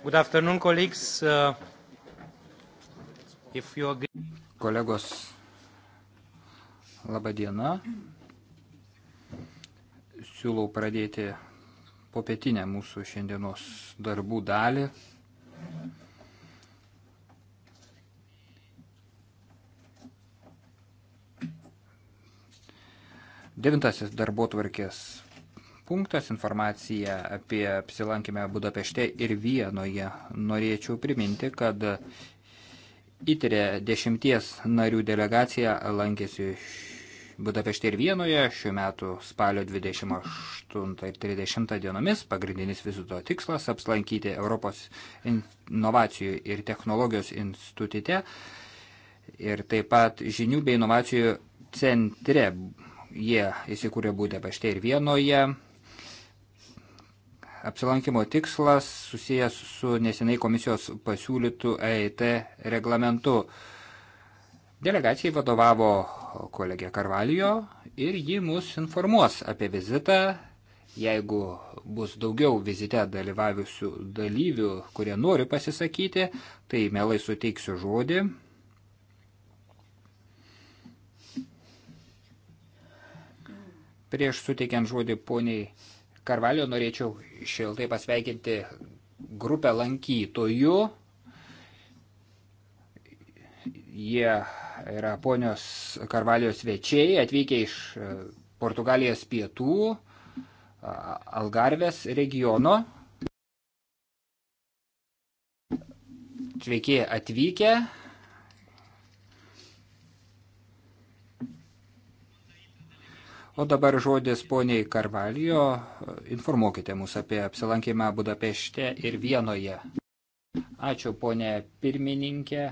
Good afternoon, colleagues. Uh, if you agree... Kolegos, laba diena. Siūlau pradėti popietinę mūsų šiandienos darbų dalį. Devintasis darbo tvarkės punktas informacija apie apsilankymę Budapešte ir Vienoje. Norėčiau priminti, kad įtirė dešimties narių delegacija lankėsi Budapešte ir Vienoje šiuo metu spalio 28 ir 30 dienomis. Pagrindinis vizito tikslas - apsilankyti Europos inovacijų ir technologijos institute ir taip pat žinių bei inovacijų centre jie įsikūrė Budapešte ir Vienoje apsilankimo tikslas susijęs su nesenai komisijos pasiūlytų EIT reglamentu. Delegacijai vadovavo kolegė Karvalijo ir ji mus informuos apie vizitą. Jeigu bus daugiau vizite dalyvavusių dalyvių, kurie nori pasisakyti, tai mielai suteiksiu žodį. Prieš suteikiant žodį poniai Karvalio norėčiau šiltai pasveikinti grupę lankytojų. Jie yra ponios Karvalio svečiai, atvykę iš e, Portugalijos pietų, Algarvės regiono. Sveiki atvykę. O dabar žodis poniai Karvalijo, informuokite mus apie apsilankymą Budapešte ir Vienoje. Ačiū ponė pirmininkė.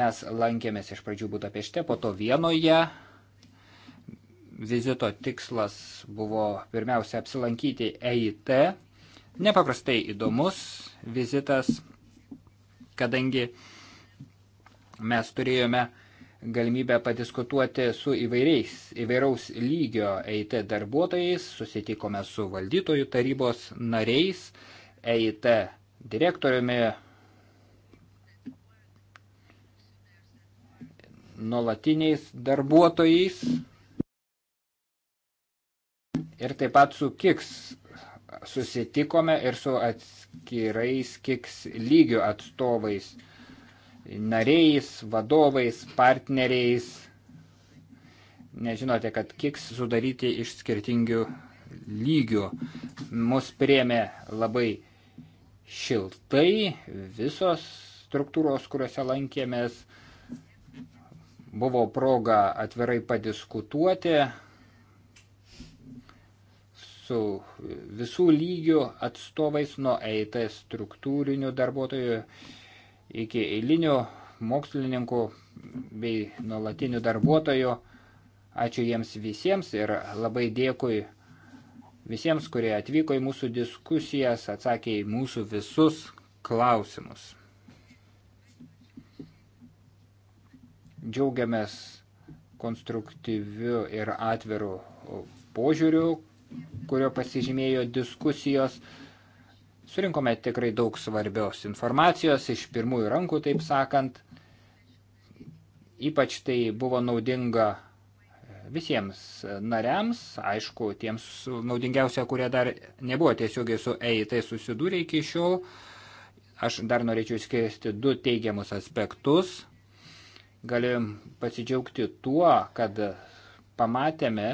Mes lankėmės iš pradžių Budapešte, po to Vienoje. Vizito tikslas buvo pirmiausia apsilankyti EIT. Nepaprastai įdomus vizitas, kadangi mes turėjome uh, galimybę padiskutuoti su įvairiais, įvairaus lygio EIT darbuotojais, susitikome su valdytojų tarybos nariais, EIT direktoriumi, nuolatiniais darbuotojais ir taip pat su KIKS susitikome ir su atskirais KIKS lygio atstovais – nariais, vadovais, partneriais. Nežinote, kad kiks sudaryti iš skirtingių lygių. Mus priemė labai šiltai visos struktūros, kuriuose lankėmės. Buvo proga atvirai padiskutuoti su visų lygių atstovais nuo EIT struktūrinių darbuotojų iki eilinių mokslininkų bei nuolatinių darbuotojų. Ačiū jiems visiems ir labai dėkui visiems, kurie atvyko į mūsų diskusijas, atsakė į mūsų visus klausimus. Džiaugiamės konstruktyviu ir atviru požiūriu, kurio pasižymėjo diskusijos. Surinkome tikrai daug svarbios informacijos iš pirmųjų rankų, taip sakant. Ypač tai buvo naudinga e, visiems e, nariams, aišku, tiems naudingiausia, kurie dar nebuvo tiesiogiai su EIT susidūrė iki šiol. Aš dar norėčiau skirsti du teigiamus aspektus. Galim pasidžiaugti tuo, kad pamatėme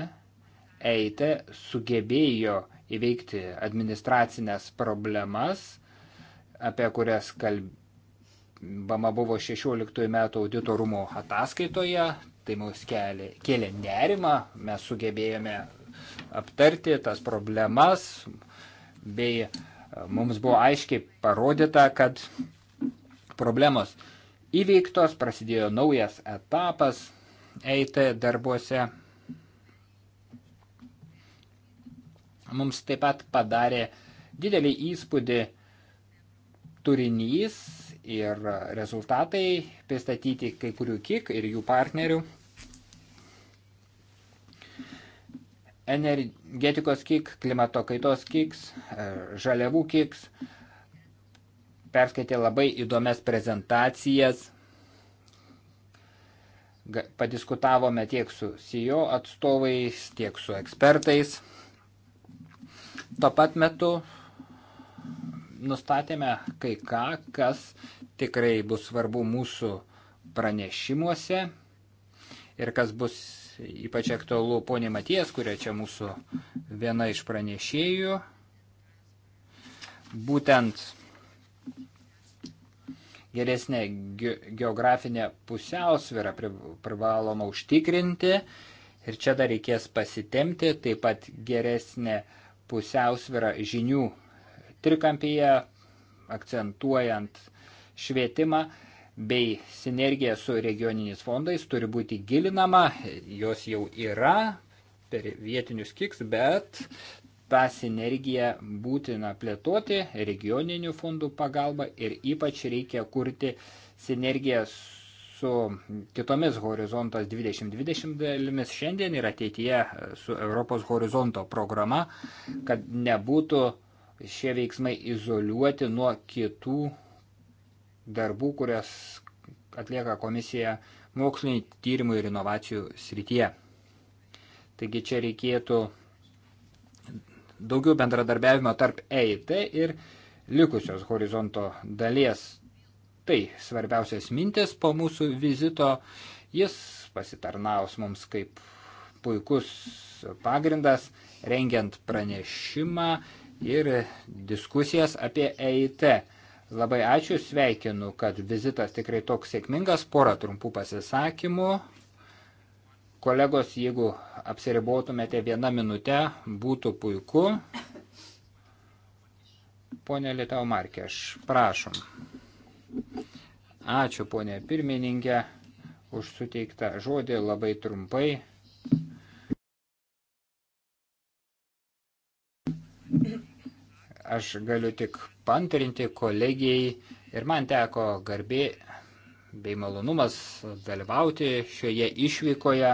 EIT sugebėjo įveikti administracinės problemas, apie kurias kalbama buvo 16 metų auditorumo ataskaitoje. Tai mums kėlė, kėlė nerimą, mes sugebėjome aptarti tas problemas, bei e, mums buvo aiškiai parodyta, kad problemos įveiktos, prasidėjo naujas etapas EIT darbuose Mums taip pat padarė didelį įspūdį turinys ir rezultatai pristatyti kai kurių kiek ir jų partnerių. Energetikos kiek, klimato kaitos kiks, žaliavų kiks perskaitė labai įdomias prezentacijas. Padiskutavome tiek su CEO atstovais, tiek su ekspertais. Tuo pat metu nustatėme kai ką, kas tikrai bus svarbu mūsų pranešimuose ir kas bus ypač aktualu ponė Matijas, kuria čia mūsų viena iš pranešėjų. Būtent geresnė geografinė pusiausvėra privaloma užtikrinti ir čia dar reikės pasitemti, taip pat geresnė uh, pusiausvyrą žinių trikampyje, akcentuojant švietimą bei sinergija su regioniniais fondais turi būti gilinama, jos jau yra per vietinius kiks, bet tą sinergiją būtina plėtoti regioninių fondų pagalba ir ypač reikia kurti sinergiją su su kitomis Horizontas 2020 dalimis šiandien ir ateityje e, su Europos horizonto programa, kad nebūtų šie veiksmai izoliuoti nuo kitų darbų, kurias atlieka komisija mokslinį tyrimų ir inovacijų srityje. Taigi čia reikėtų daugiau bendradarbiavimo tarp EIT ir likusios horizonto dalies Tai svarbiausias mintis po mūsų vizito. Jis pasitarnaus mums kaip puikus pagrindas rengiant pranešimą ir diskusijas apie EIT. Labai ačiū, sveikinu, kad vizitas tikrai toks sėkmingas, porą trumpų pasisakymų. Kolegos, jeigu apsiribotumėte vieną minutę, būtų puiku. Pone Lietau Markė, aš prašom. Ačiū, ponė pirmininkė, už suteiktą žodį labai trumpai. Aš galiu tik pantrinti kolegijai ir man teko garbė bei malonumas dalyvauti šioje išvykoje.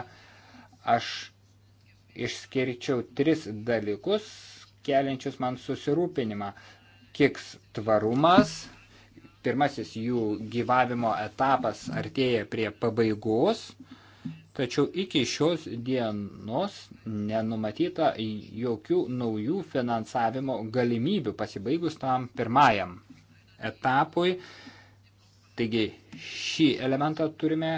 Aš išskirčiau tris dalykus, keliančius man susirūpinimą. Kiks tvarumas, pirmasis jų gyvavimo etapas artėja prie pabaigos, tačiau iki šios dienos nenumatyta jokių naujų finansavimo galimybių pasibaigus tam pirmajam etapui. Taigi šį elementą turime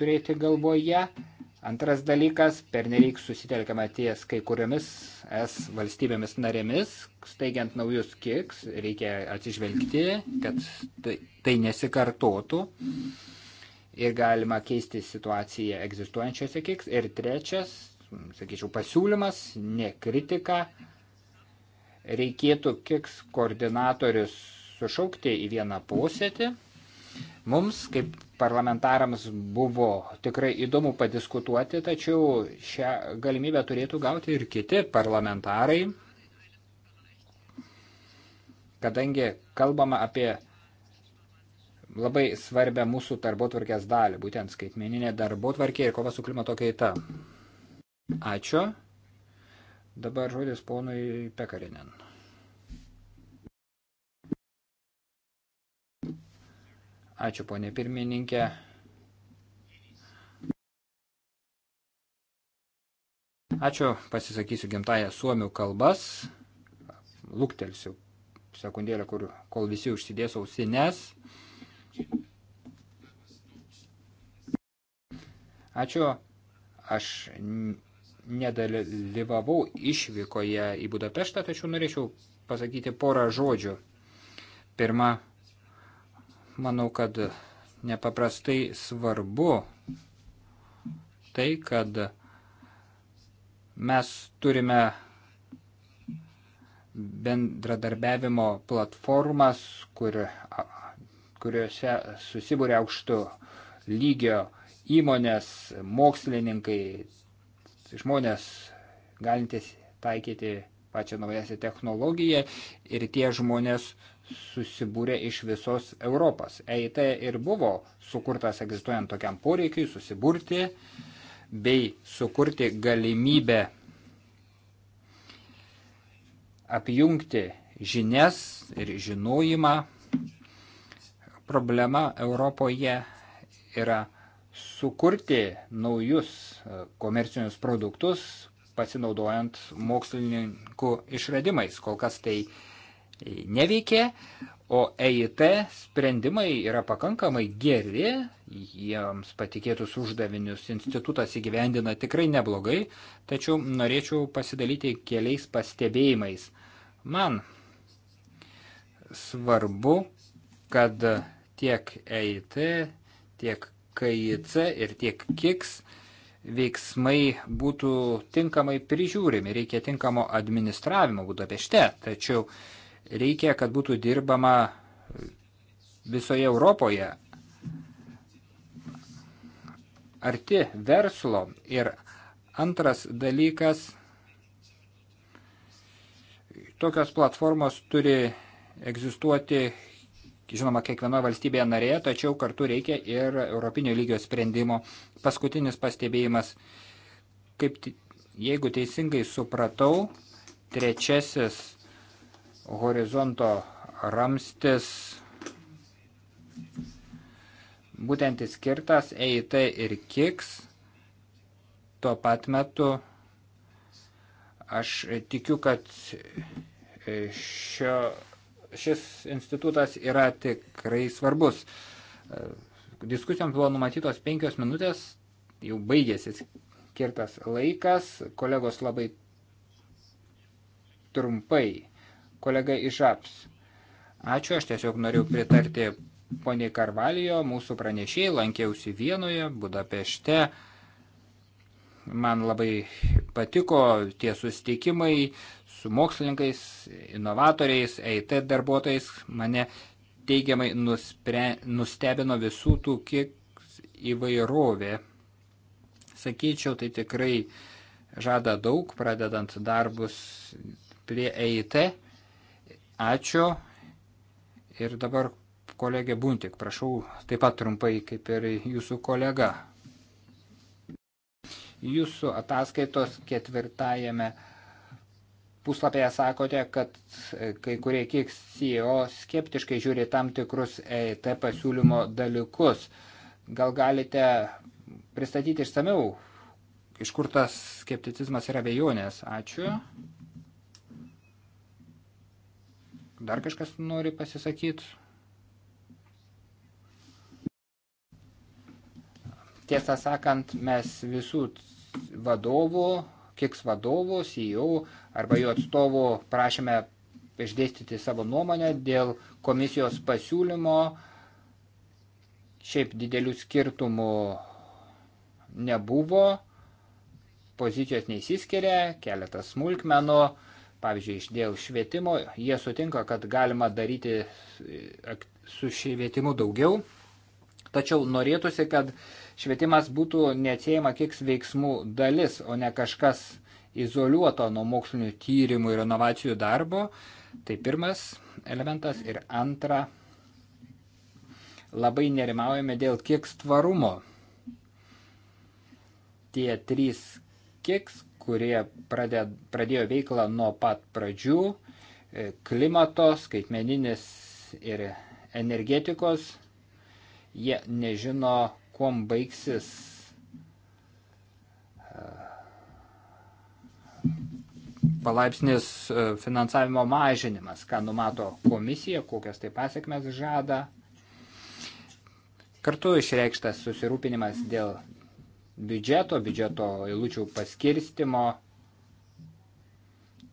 turėti galvoje. Antras dalykas, pernelyg susitelkiama ties kai kuriomis es valstybėmis narėmis, steigiant naujus kiks, reikia atsižvelgti, kad tai, tai nesikartotų ir galima keisti situaciją egzistuojančiose kiks. Ir trečias, sakyčiau, pasiūlymas, ne kritika, reikėtų kiks koordinatorius sušaukti į vieną posėdį Mums, kaip parlamentarams, buvo tikrai įdomu padiskutuoti, tačiau šią galimybę turėtų gauti ir kiti parlamentarai, kadangi kalbama apie labai svarbę mūsų darbotvarkės dalį, būtent skaitmeninė darbotvarkė ir kova su klimato kaita. Ačiū. Dabar žodis ponui Pekarinen. Ačiū, ponė pirmininkė. Ačiū, pasisakysiu gimtają suomių kalbas. Luktelsiu sekundėlę, kur, kol visi užsidės ausines. Ačiū, aš nedalyvavau išvykoje į Budapeštą, tačiau norėčiau pasakyti porą žodžių. Pirma, Manau, kad nepaprastai svarbu tai, kad mes turime bendradarbiavimo platformas, kur, kuriuose susibūrė aukšto lygio įmonės, mokslininkai, žmonės galintys taikyti pačią naujasią technologiją ir tie žmonės susibūrė iš visos Europos. EIT ir buvo sukurtas egzistuojant tokiam poreikiai susiburti bei sukurti galimybę apjungti žinias ir žinojimą. Problema Europoje yra sukurti naujus e, komercinius produktus, pasinaudojant mokslininkų išradimais. Kol kas tai neveikė, o EIT sprendimai yra pakankamai geri, jiems patikėtus uždavinius institutas įgyvendina tikrai neblogai, tačiau norėčiau pasidalyti keliais pastebėjimais. Man svarbu, kad tiek EIT, tiek KIC ir tiek KIKS veiksmai būtų tinkamai prižiūrimi, reikia tinkamo administravimo būtų apie šitą, tačiau Reikia, kad būtų dirbama visoje Europoje arti verslo. Ir antras dalykas, tokios platformos turi egzistuoti, žinoma, kiekvienoje valstybėje narėje, tačiau kartu reikia ir europinio lygio sprendimo. Paskutinis pastebėjimas, kaip jeigu teisingai supratau, trečiasis horizonto ramstis būtent skirtas EIT ir KIKS. Tuo pat metu aš tikiu, kad šio, šis institutas yra tikrai svarbus. Diskusijoms buvo numatytos penkios minutės, jau baigėsi skirtas laikas, kolegos labai trumpai kolega iš APS. Ačiū, aš tiesiog norėjau pritarti poniai Karvalijo, mūsų pranešėjai, lankiausi Vienoje, Budapešte. Man labai patiko tie susitikimai su mokslininkais, inovatoriais, EIT darbuotojais. Mane teigiamai nuspre, nustebino visų tų kiek įvairovė. Sakyčiau, tai tikrai žada daug, pradedant darbus prie EIT Ačiū. Ir dabar kolegė Buntik, prašau, taip pat trumpai kaip ir jūsų kolega. Jūsų ataskaitos ketvirtajame puslapyje sakote, kad kai kurie kiek CEO skeptiškai žiūri tam tikrus EIT pasiūlymo dalykus. Gal galite pristatyti išsameu, iš kur tas skepticizmas yra bejonės? Ačiū. Mm. Dar kažkas nori pasisakyti? Tiesą sakant, mes visų vadovų, kiks vadovų, CEO arba jų atstovų prašėme išdėstyti savo nuomonę dėl komisijos pasiūlymo. Šiaip didelių skirtumų nebuvo, pozicijos neįsiskiria, keletas smulkmenų. Pavyzdžiui, dėl švietimo jie sutinka, kad galima daryti su švietimu daugiau, tačiau norėtųsi, kad švietimas būtų neatsiejama kiks veiksmų dalis, o ne kažkas izoliuoto nuo mokslinių tyrimų ir inovacijų darbo. Tai pirmas elementas. Ir antra, labai nerimaujame dėl kiks tvarumo. Tie trys kiks kurie pradė, pradėjo veiklą nuo pat pradžių e, klimato, skaitmeninis ir energetikos. Jie nežino, kuom baigsis e, palaipsnis e, finansavimo mažinimas, ką numato komisija, kokias tai pasiekmes žada. Kartu išreikštas susirūpinimas dėl biudžeto, biudžeto eilučių paskirstimo.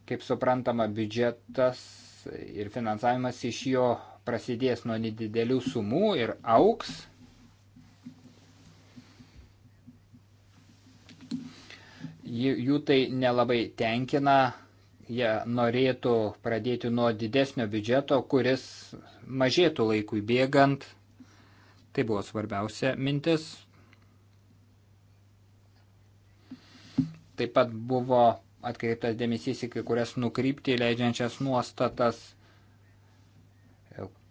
Kaip suprantama, biudžetas ir finansavimas iš jo prasidės nuo nedidelių sumų ir auks. Jų tai nelabai tenkina, jie norėtų pradėti nuo didesnio biudžeto, kuris mažėtų laikui bėgant. Tai buvo svarbiausia mintis. Taip pat buvo atkreiptas dėmesys į kai kurias nukrypti leidžiančias nuostatas,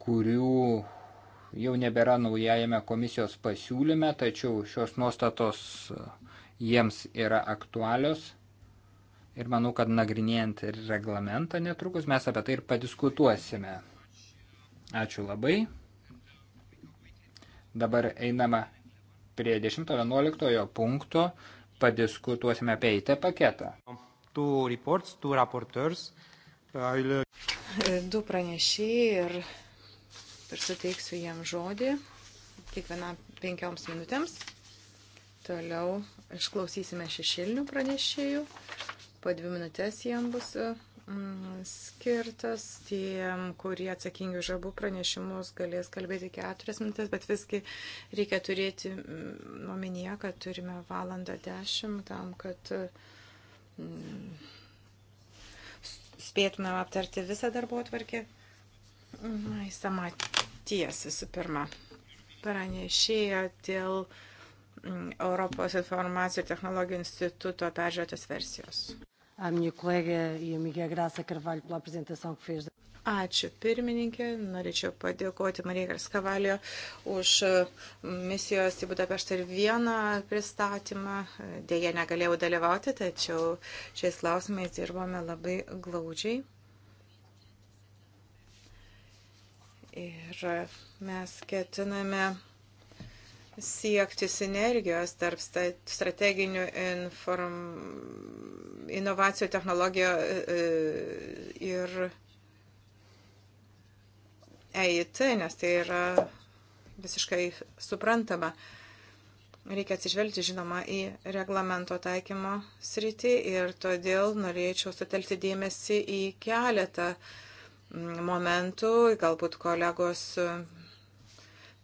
kurių jau nebėra naujajame komisijos pasiūlyme, tačiau šios nuostatos e, jiems yra aktualios. Ir manau, kad nagrinėjant ir reglamentą netrukus mes apie tai ir padiskutuosime. Ačiū labai. Dabar einama prie 10.11 punkto padiskutuosime apie IT paketą. Two reports, two Du pranešėjai ir, ir suteiksiu jam žodį kiekvienam penkioms minutėms. Toliau išklausysime šešėlinių pranešėjų. Po dvi minutės jam bus skirtas. Tie, kurie atsakingi už abu pranešimus, galės kalbėti keturias minutės, bet visgi reikia turėti mm, omenyje, kad turime valandą dešimt tam, kad mm, spėtumėm aptarti visą darbo atvarkį. Na, įsamaties visų pirma. Pranešėja dėl mm, Europos informacijų technologijų instituto peržiūrėtos versijos à minha colega e amiga Graça Carvalho pela apresentação que fez. Ačiū pirmininkė, norėčiau padėkoti Marijai Karskavalio už uh, misijos į Budapeštą ir vieną pristatymą. Deja, negalėjau dalyvauti, tačiau šiais klausimais dirbome labai glaudžiai. Ir uh, mes ketiname siekti sinergijos tarp strateginių inform... inovacijų technologijų e, e, ir EIT, nes tai yra visiškai suprantama. Reikia atsižvelgti, žinoma, į reglamento taikymo sritį ir todėl norėčiau sutelkti dėmesį į keletą mm, momentų, galbūt kolegos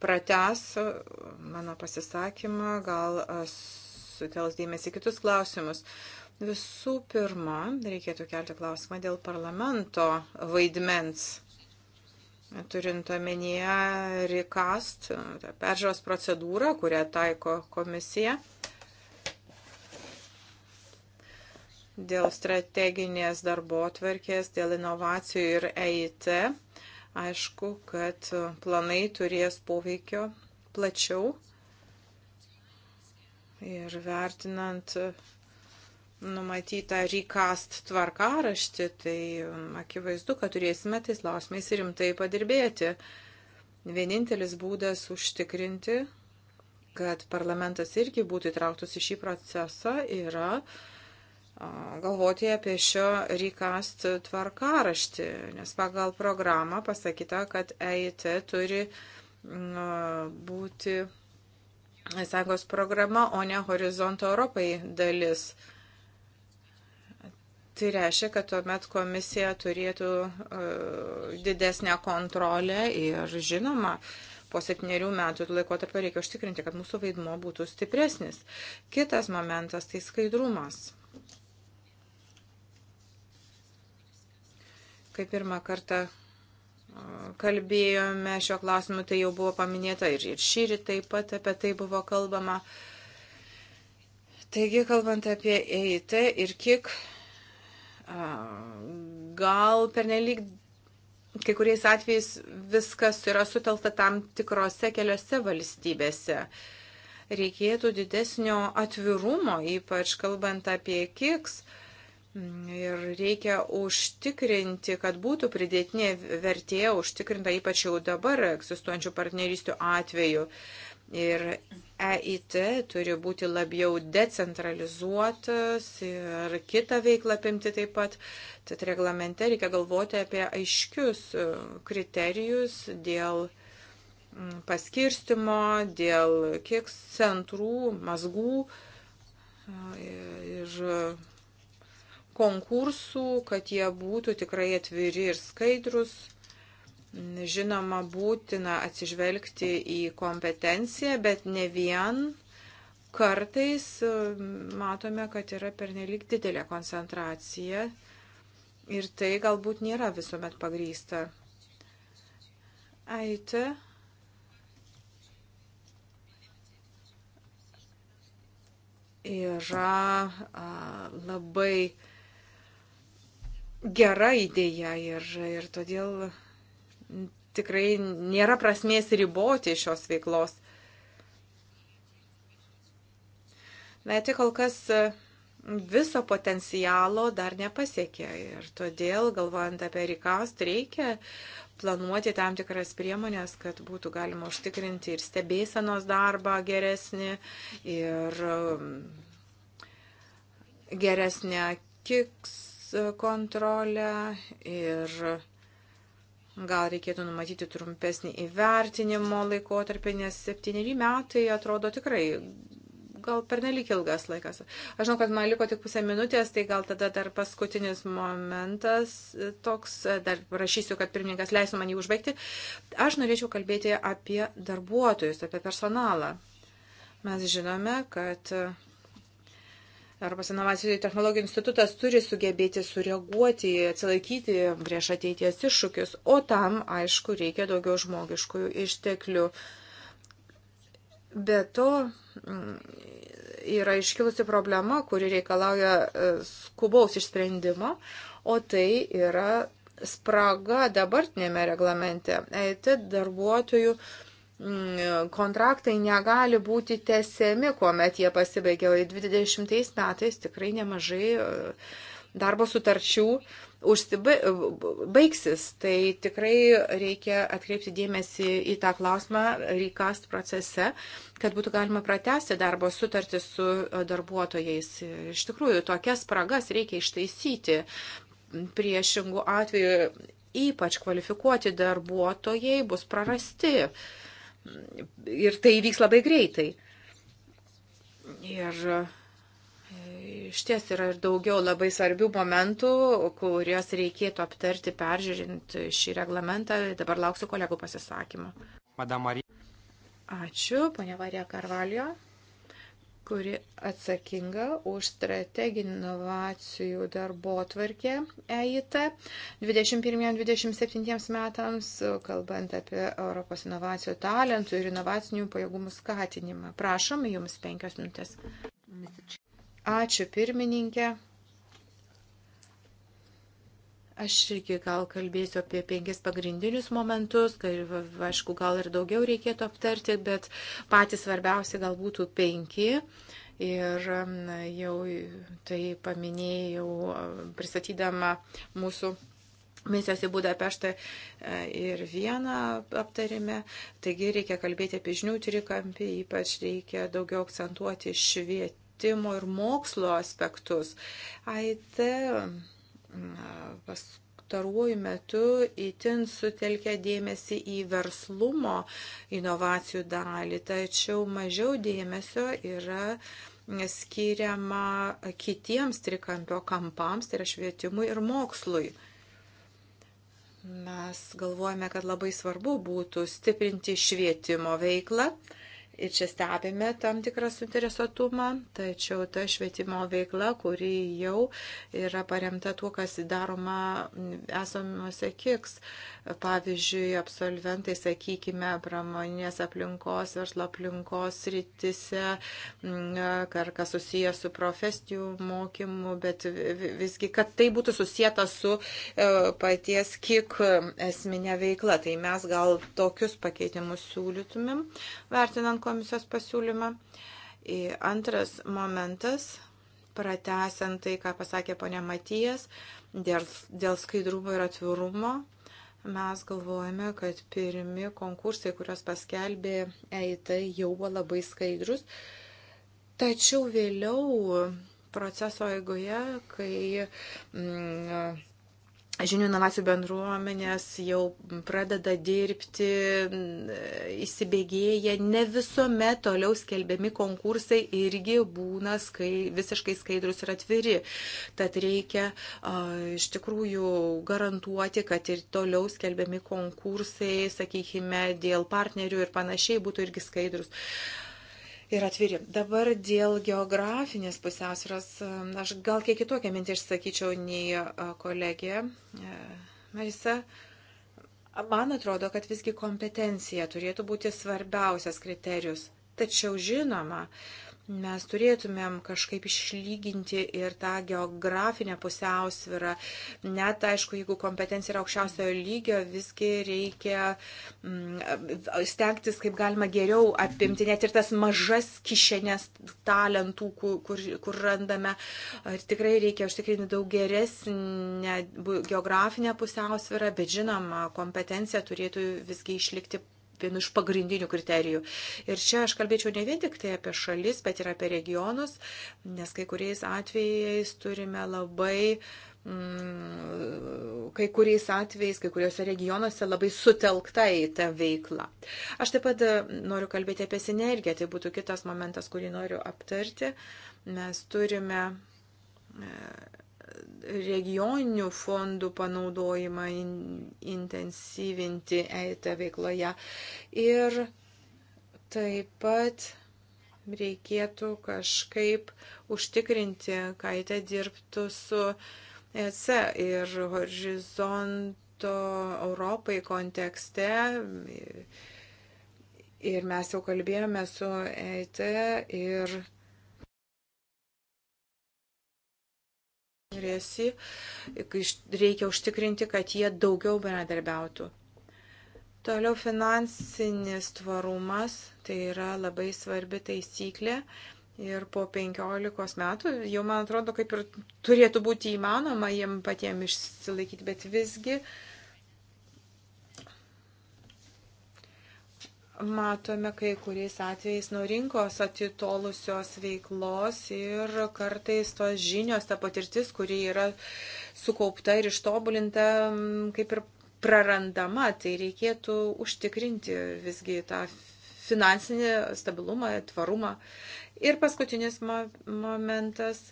pratęsiu e, mano pasisakymą, gal e, sutels dėmesį kitus klausimus. Visų pirma, reikėtų kelti klausimą dėl parlamento vaidmens turint omenyje recast, e, peržiūros procedūrą, kurią taiko komisija dėl strateginės darbo tvarkės, dėl inovacijų ir EIT. Aišku, kad e, planai turės poveikio plačiau ir vertinant e, numatytą recast tvarkaraštį, tai akivaizdu, kad turėsime tais lausmais rimtai padirbėti. Vienintelis būdas užtikrinti, kad parlamentas irgi būtų įtrauktas į šį procesą, yra uh, galvoti apie šio rykast tvarkaraštį, nes pagal programą pasakyta, kad EIT turi būti sąjungos programa, o ne horizonto Europai dalis. Tai reiškia, kad tuomet komisija turėtų didesnę kontrolę ir žinoma, po septyniarių metų laikotarpio reikia užtikrinti, kad mūsų vaidmo būtų stipresnis. Kitas momentas tai skaidrumas. Kai pirmą kartą kalbėjome šio klausimu, tai jau buvo paminėta ir, ir šyri taip pat apie tai buvo kalbama. Taigi, kalbant apie EIT ir kiek gal pernelyg kai kuriais atvejais viskas yra sutelta tam tikrose keliose valstybėse. Reikėtų didesnio atvirumo, ypač kalbant apie kiks. Uh, Ir reikia užtikrinti, kad būtų pridėtinė vertė užtikrinta ypač jau dabar egzistuojančių partnerystų atveju. Ir EIT turi būti labiau decentralizuotas ir kitą veiklą apimti taip pat. Tad reglamente reikia galvoti apie aiškius e, kriterijus dėl paskirstimo, dėl kiek centrų, mazgų e, ir konkursų, kad jie būtų tikrai atviri ir skaidrus. Žinoma, būtina atsižvelgti į kompetenciją, bet ne vien kartais um, matome, kad yra pernelik didelė koncentracija ir tai galbūt nėra visuomet pagrysta. Aite. Yra a, labai gera idėja ir, ir todėl tikrai nėra prasmės riboti šios veiklos. Na, tai kol kas viso potencialo dar nepasiekė ir todėl, galvojant apie rikast, reikia planuoti tam tikras priemonės, kad būtų galima užtikrinti ir stebėsenos darbą geresnį, ir um, geresnę kiks kontrolę ir gal reikėtų numatyti trumpesnį įvertinimo laikotarpį, nes septyneri metai atrodo tikrai gal pernelik ilgas laikas. Aš žinau, kad man liko tik pusę minutės, tai gal tada dar paskutinis momentas toks, dar rašysiu, kad pirmininkas leisų man jį užbaigti. Aš norėčiau kalbėti apie darbuotojus, apie personalą. Mes žinome, kad Europos inovacijų ir technologijų institutas turi sugebėti sureaguoti, atsilaikyti prieš ateities iššūkius, o tam, aišku, reikia daugiau žmogiškųjų išteklių. Be to mm, yra iškilusi problema, kuri reikalauja e, skubaus išsprendimo, o tai yra spraga dabartinėme reglamente. EIT tai darbuotojų uh, Mm, kontraktai negali būti tesiami, kuomet jie pasibaigė. 20 metais tikrai nemažai e, darbo sutarčių užsibaigsis. E, tai tikrai reikia atkreipti dėmesį į tą klausimą reikast procese, kad būtų galima pratesti darbo sutartį su e, darbuotojais. Iš tikrųjų, tokias spragas reikia ištaisyti. Priešingų atveju ypač kvalifikuoti darbuotojai bus prarasti. Uh, ir tai vyks labai greitai. Ir e, iš ties yra ir daugiau labai svarbių momentų, kuriuos reikėtų aptarti peržiūrint šį reglamentą. Dabar lauksiu kolegų pasisakymą. Ačiū, ponia Varija Karvalio kuri atsakinga už strateginį inovacijų darbo atvarkę EIT 21-27 metams, kalbant apie Europos inovacijų talentų ir inovacinių pajėgumų skatinimą. Prašom, jums penkios minutės. Ačiū pirmininkė. Aš irgi gal kalbėsiu apie penkis pagrindinius momentus, kai, aišku, gal ir daugiau reikėtų aptarti, bet patys svarbiausi gal būtų penki. Ir jau tai paminėjau pristatydama mūsų misijos į Budapeštą e, ir vieną aptarėme. Taigi reikia kalbėti apie žinių trikampį, ypač reikia daugiau akcentuoti švietimo ir mokslo aspektus. AIT tai, pastaruoju metu įtin sutelkia dėmesį į verslumo inovacijų dalį, tačiau mažiau dėmesio yra skiriama kitiems trikampio kampams, tai yra švietimui ir mokslui. Mes galvojame, kad labai svarbu būtų stiprinti švietimo veiklą, Ir čia stebime tam tikrą suinteresuotumą, tačiau ta švietimo veikla, kuri jau yra paremta tuo, kas daroma esamuose kiks. Pavyzdžiui, absolventai, sakykime, pramoninės aplinkos, verslo aplinkos rytise, mm, ar kas susijęs su profesijų mokymu, bet visgi, kad tai būtų susijęta su e, paties kiek esminė veikla. Tai mes gal tokius pakeitimus siūlytumėm, vertinant komisijos pasiūlymą. Antras momentas, pratesiant tai, ką pasakė ponė Matijas, dėl, dėl skaidrumo ir atvirumo, mes galvojame, kad pirmi konkursai, kuriuos paskelbė EIT, jau buvo labai skaidrus. Tačiau vėliau proceso eigoje, kai. Mm, žinių inovacijų bendruomenės jau pradeda dirbti, įsibėgėja, ne visuomet toliau skelbiami konkursai irgi būna skai, visiškai skaidrus ir atviri. Tad reikia a, iš tikrųjų garantuoti, kad ir toliau skelbiami konkursai, sakykime, dėl partnerių ir panašiai būtų irgi skaidrus. A, ir atviri. Dabar dėl geografinės pusiausvėros aš gal kiek kitokią mintį išsakyčiau nei e, kolegė e, Marisa. Man atrodo, kad visgi kompetencija turėtų būti svarbiausias kriterijus. Tačiau žinoma, uh, mes turėtumėm kažkaip išlyginti ir tą geografinę pusiausvyrą. Net, aišku, jeigu kompetencija yra aukščiausiojo lygio, visgi reikia mm, stengtis kaip galima geriau apimti net ir tas mažas kišenės talentų, kur, kur, kur randame. Ir tikrai reikia užtikrinti daug geresnę geografinę pusiausvyrą, bet žinoma, kompetencija turėtų visgi išlikti vienu iš pagrindinių kriterijų. Ir čia aš kalbėčiau ne vien tik tai apie šalis, bet ir apie regionus, nes kai kuriais atvejais turime labai mm, kai kuriais atvejais, kai kuriuose regionuose labai sutelkta į tą veiklą. Aš taip pat mm, noriu kalbėti apie sinergiją, tai būtų kitas momentas, kurį noriu aptarti. Mes turime e, regioninių fondų panaudojimą in, intensyvinti EIT veikloje. Ir taip pat reikėtų kažkaip užtikrinti, kad EIT dirbtų su EC ir horizonto Europai kontekste. Ir mes jau kalbėjome su EIT ir rėsi, reikia užtikrinti, kad jie daugiau bendradarbiautų. Toliau finansinis tvarumas, tai yra labai svarbi taisyklė. Ir po 15 metų jau, man atrodo, kaip ir turėtų būti įmanoma jiem patiem išsilaikyti, bet visgi uh, matome kai kuriais atvejais nuo rinkos atitolusios veiklos ir kartais tos žinios, ta patirtis, kuri yra sukaupta ir ištobulinta, kaip ir prarandama, tai reikėtų užtikrinti visgi tą finansinį stabilumą, tvarumą. Ir paskutinis momentas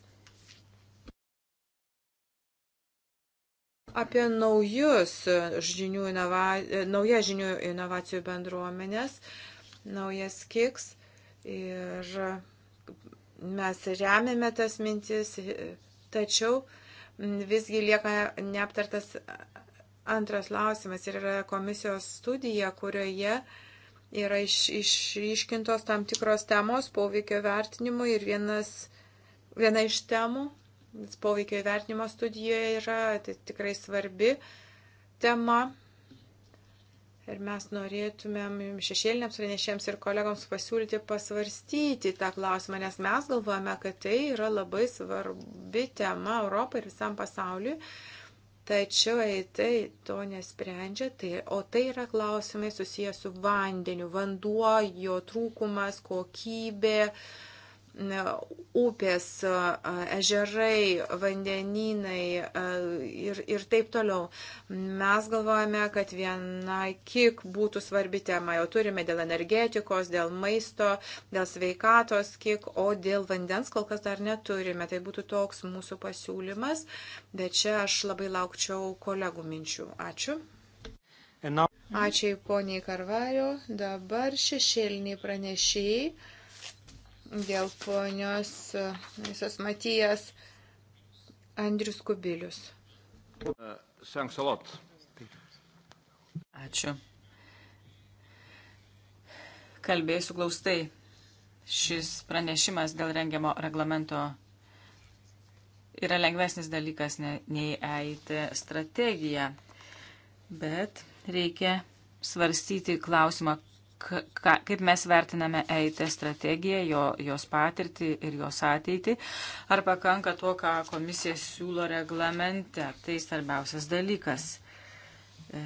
apie naujus žinių inova, nauja žinių inovacijų bendruomenės, naujas kiks. Ir mes remiame tas mintis, tačiau visgi lieka neaptartas antras klausimas ir yra komisijos studija, kurioje yra iš, išryškintos tam tikros temos poveikio vertinimui ir vienas, viena iš temų Poveikio įvertinimo studijoje yra tai tikrai svarbi tema. Ir mes norėtumėm šešėliniams pranešėjams ir kolegoms pasiūlyti pasvarstyti tą klausimą, nes mes galvojame, kad tai yra labai svarbi tema Europai ir visam pasauliu. Tačiau tai to nesprendžia, tai, o tai yra klausimai susijęs su vandeniu, vanduo, jo trūkumas, kokybė, uh, E, upės, e, ežerai, vandenynai e, ir, ir taip toliau. Mes galvojame, kad viena kiek būtų svarbi tema, jau turime dėl energetikos, dėl maisto, dėl sveikatos kiek, o dėl vandens kol kas dar neturime. Tai būtų toks mūsų pasiūlymas, bet čia aš labai laukčiau kolegų minčių. Ačiū. Ačiū poniai Karvario, dabar šešėliniai pranešėjai dėl ponios e, visos Matijas Andrius Kubilius. Sanksalot. Uh, Ačiū. Kalbėsiu glaustai. Šis pranešimas dėl rengiamo reglamento yra lengvesnis dalykas nei EIT strategija, bet reikia svarstyti klausimą, ka, kaip mes vertiname EIT strategiją, jo, jos patirtį ir jos ateitį, ar pakanka to, ką komisija siūlo reglamente. Tai svarbiausias dalykas. E,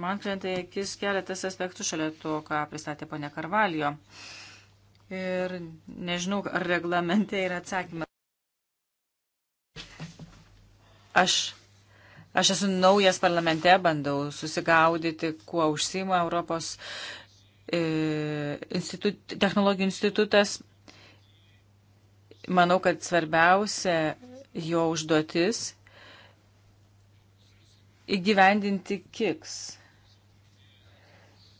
man krenta akis keletas aspektų šalia to, ką pristatė ponė Karvalijo. Ir nežinau, ar reglamente yra atsakymas. Aš Aš esu naujas parlamente, bandau susigaudyti, kuo užsima Europos E, institut, technologijų institutas, manau, kad svarbiausia jo užduotis įgyvendinti kiks.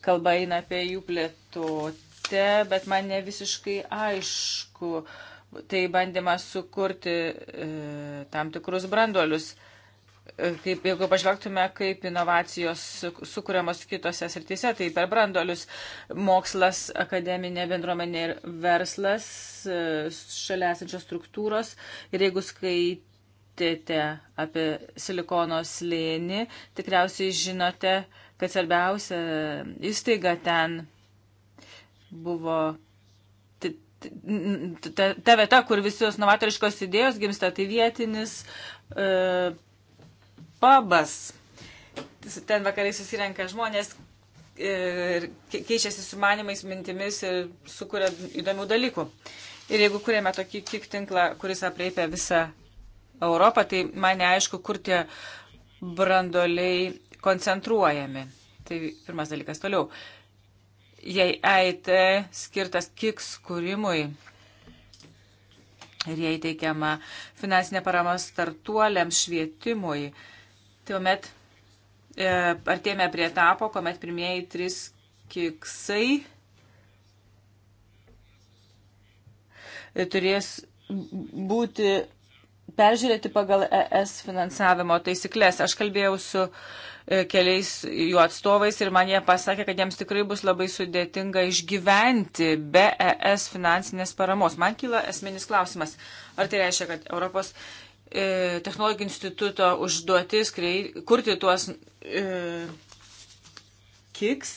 Kalba eina apie jų plėtotę, bet man ne visiškai aišku. Tai bandymas sukurti e, tam tikrus branduolius. E, kaip, jeigu pažvelgtume, kaip inovacijos sukūriamos kitose srityse, tai per brandolius mokslas, akademinė bendruomenė ir verslas, e, šalia esančios struktūros. Ir jeigu skaitėte apie silikono slėnį, tikriausiai žinote, kad svarbiausia įstaiga ten buvo ta, ta vieta, kur visos novatoriškos idėjos gimsta, tai vietinis e, pabas. Ten vakarai susirenka žmonės e, ir keičiasi sumanimais, mintimis ir sukuria įdomių dalykų. Ir jeigu kuriame tokį kik tinklą, kuris apreipia visą Europą, tai man neaišku, kur tie brandoliai koncentruojami. Tai pirmas dalykas. Toliau, jei EIT skirtas kiks kūrimui ir jei teikiama finansinė parama startuoliams švietimui, Tuomet e, artėjame prie etapo, kuomet pirmieji trys kiksai e, turės būti peržiūrėti pagal ES finansavimo taisyklės. Aš kalbėjau su e, keliais jų atstovais ir man jie pasakė, kad jiems tikrai bus labai sudėtinga išgyventi be ES finansinės paramos. Man kyla esminis klausimas, ar tai reiškia, kad Europos E, technologijų instituto užduotis krei, kurti tuos e, kiks.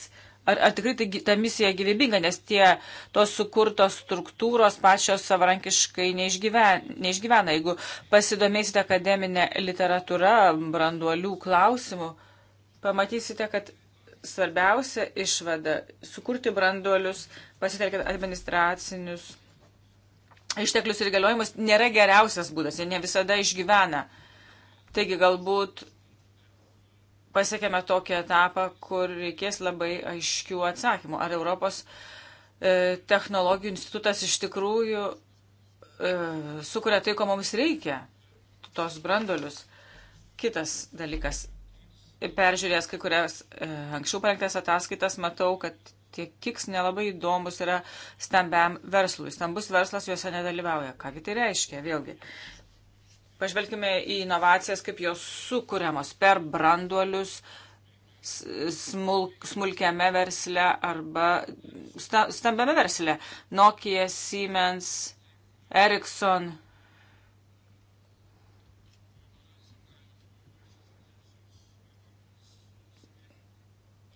Ar, ar tikrai tai, ta misija gyvybinga, nes tie tos sukurtos struktūros pačios savarankiškai neišgyvena. neišgyvena. Jeigu pasidomėsite akademinę literatūrą branduolių klausimų, pamatysite, kad svarbiausia išvada - sukurti branduolius, pasitelkiant administracinius išteklius ir galiojimus nėra geriausias būdas, jie ne visada išgyvena. Taigi galbūt pasiekėme tokį etapą, kur reikės labai aiškių atsakymų. Ar Europos e, technologijų institutas iš tikrųjų e, sukuria tai, ko mums reikia, tos brandolius. Kitas dalykas. Peržiūrės kai kurias e, anksčiau parengtas ataskaitas, matau, kad tie kiks nelabai įdomus yra stambiam verslui. Stambus verslas juose nedalyvauja. Kągi tai reiškia vėlgi? Pažvelkime į inovacijas, kaip jos sukūriamos per branduolius smulk, smulkiame versle arba stambiame versle. Nokia, Siemens, Ericsson,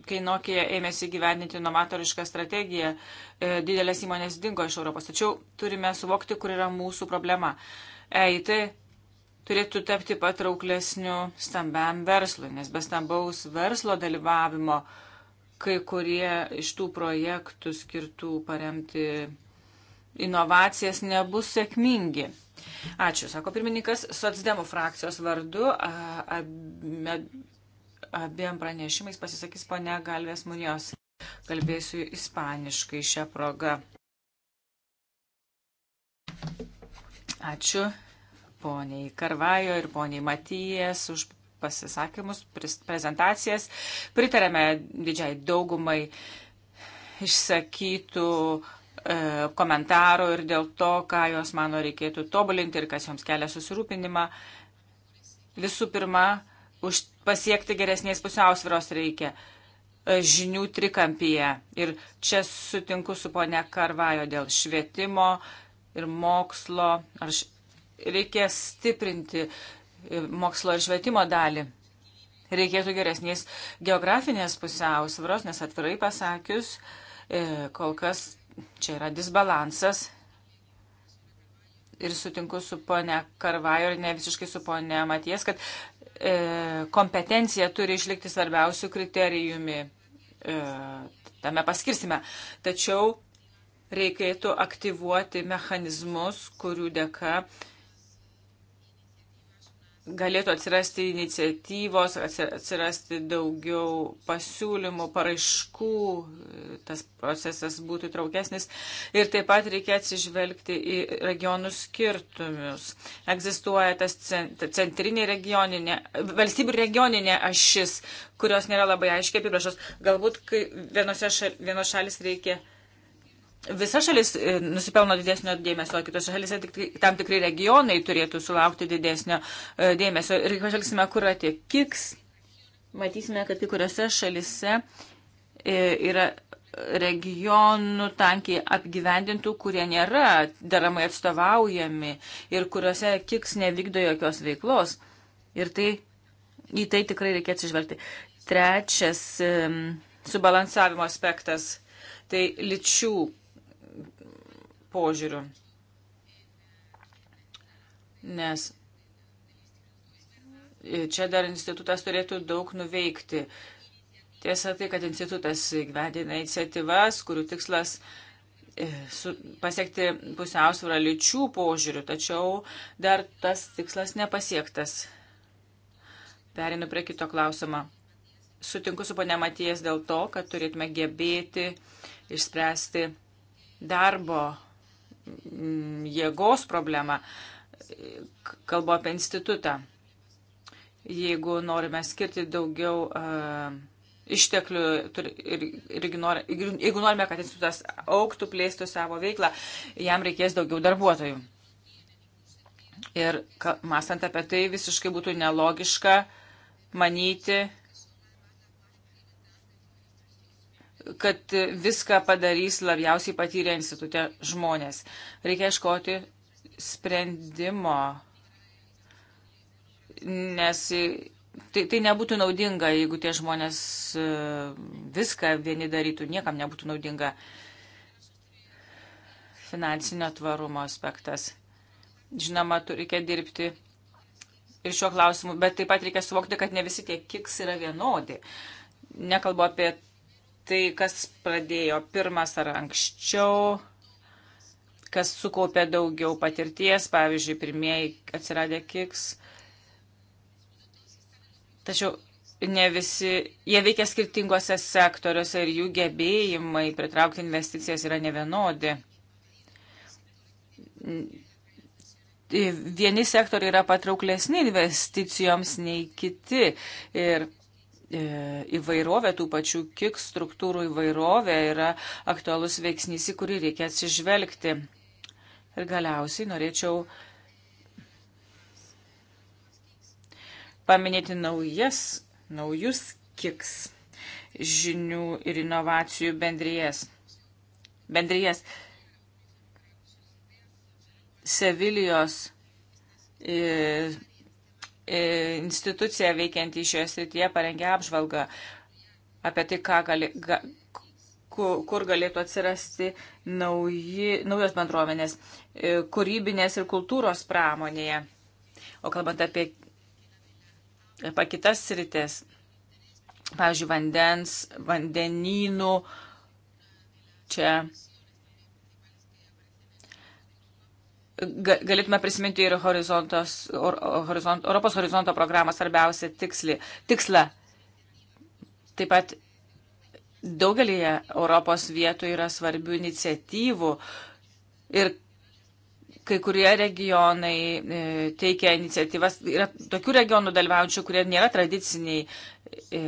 kai Nokia ėmėsi gyveninti novatorišką strategiją, e, didelės įmonės dingo iš Europos. Tačiau turime suvokti, kur yra mūsų problema. EIT turėtų tapti patrauklesniu stambiam verslui, nes be stambaus verslo dalyvavimo kai kurie iš tų projektų skirtų paremti inovacijas nebus sėkmingi. Ačiū, sako pirmininkas, Sotsdemų frakcijos vardu. A, a, med, abiem pranešimais pasisakys ponia Galvės Munijos. Kalbėsiu ispaniškai šią progą. Ačiū poniai Karvajo ir poniai Matijas už pasisakymus, prezentacijas. Pritarėme didžiai daugumai išsakytų e, komentarų ir dėl to, ką jos mano reikėtų tobulinti ir kas joms kelia susirūpinimą. Visų pirma, už pasiekti geresnės pusiausviros reikia e, žinių trikampyje. Ir čia sutinku su ponia Karvajo dėl švietimo ir mokslo. Ar š... reikia stiprinti e, mokslo ir švietimo dalį. Reikėtų geresnės geografinės pusiausvros, nes atvirai pasakius, e, kol kas čia yra disbalansas. Ir sutinku su ponia Karvajo ir ne visiškai su ponia Maties, kad E, kompetencija turi išlikti svarbiausių kriterijumi e, tame paskirsime. Tačiau reikėtų aktyvuoti mechanizmus, kurių dėka galėtų atsirasti iniciatyvos, atsirasti daugiau pasiūlymų, paraiškų, tas procesas būtų traukesnis. Ir taip pat reikia atsižvelgti į regionų skirtumus. Egzistuoja tas centrinė regioninė, valstybių regioninė ašis, kurios nėra labai aiškiai apibrašos. Galbūt vienose šal, vienos šalis reikia visa šalis e, nusipelno didesnio dėmesio, o kitose šalise tik tam tikrai regionai turėtų sulaukti didesnio e, dėmesio. Ir pažvelgsime, kur yra tie kiks. Matysime, kad kai kuriuose šalise e, yra regionų tankiai apgyvendintų, kurie nėra deramai atstovaujami ir kuriuose kiks nevykdo jokios veiklos. Ir tai, į tai tikrai reikia atsižvelgti. Trečias um, subalansavimo aspektas - tai lyčių požiūriu. Nes čia dar institutas turėtų daug nuveikti. Tiesa tai, kad institutas gyvendina iniciatyvas, kurių tikslas e, su, pasiekti pusiausvyrą lyčių požiūrių, tačiau dar tas tikslas nepasiektas. Perinu prie kito klausimo. Sutinku su ponia Matijas dėl to, kad turėtume gebėti išspręsti darbo Mm, jėgos problemą. Kalbu apie institutą. Jeigu norime skirti daugiau uh, išteklių ir, ir, ir jeigu norime, kad institutas auktų, plėstų savo veiklą, jam reikės daugiau darbuotojų. Ir mąstant apie tai, visiškai būtų nelogiška manyti, kad viską padarys labiausiai patyrę institutė žmonės. Reikia iškoti sprendimo, nes tai, tai nebūtų naudinga, jeigu tie žmonės e, viską vieni darytų, niekam nebūtų naudinga finansinio tvarumo aspektas. Žinoma, reikia dirbti ir šiuo klausimu, bet taip pat reikia suvokti, kad ne visi tie kiks yra vienodi. Nekalbu apie tai, kas pradėjo pirmas ar anksčiau, kas sukaupė daugiau patirties, pavyzdžiui, pirmieji atsiradė kiks. Tačiau ne visi, jie veikia skirtingose sektoriuose ir jų gebėjimai pritraukti investicijas yra nevienodi. Vieni sektoriai yra patrauklesni investicijoms nei kiti. Ir E, įvairovė, tų pačių kik struktūrų įvairovė yra aktualus veiksnys, į kurį reikia atsižvelgti. Ir galiausiai norėčiau paminėti naujas, naujus kiks žinių ir inovacijų bendrijas. Bendrijas Sevilijos e, E, institucija veikianti šioje srityje parengė apžvalgą apie tai, gali, ga, kur galėtų atsirasti nauji, naujos bendruomenės e, kūrybinės ir kultūros pramonėje. O kalbant apie, apie kitas sritis, pavyzdžiui, vandens, vandenynų, čia galėtume prisiminti ir horizontos, or, horizont, Europos horizonto programą svarbiausią tikslį, tikslą. Taip pat daugelįje Europos vietų yra svarbių iniciatyvų ir kai kurie regionai e, teikia iniciatyvas. Yra tokių regionų dalyvaujančių, kurie nėra tradiciniai, e,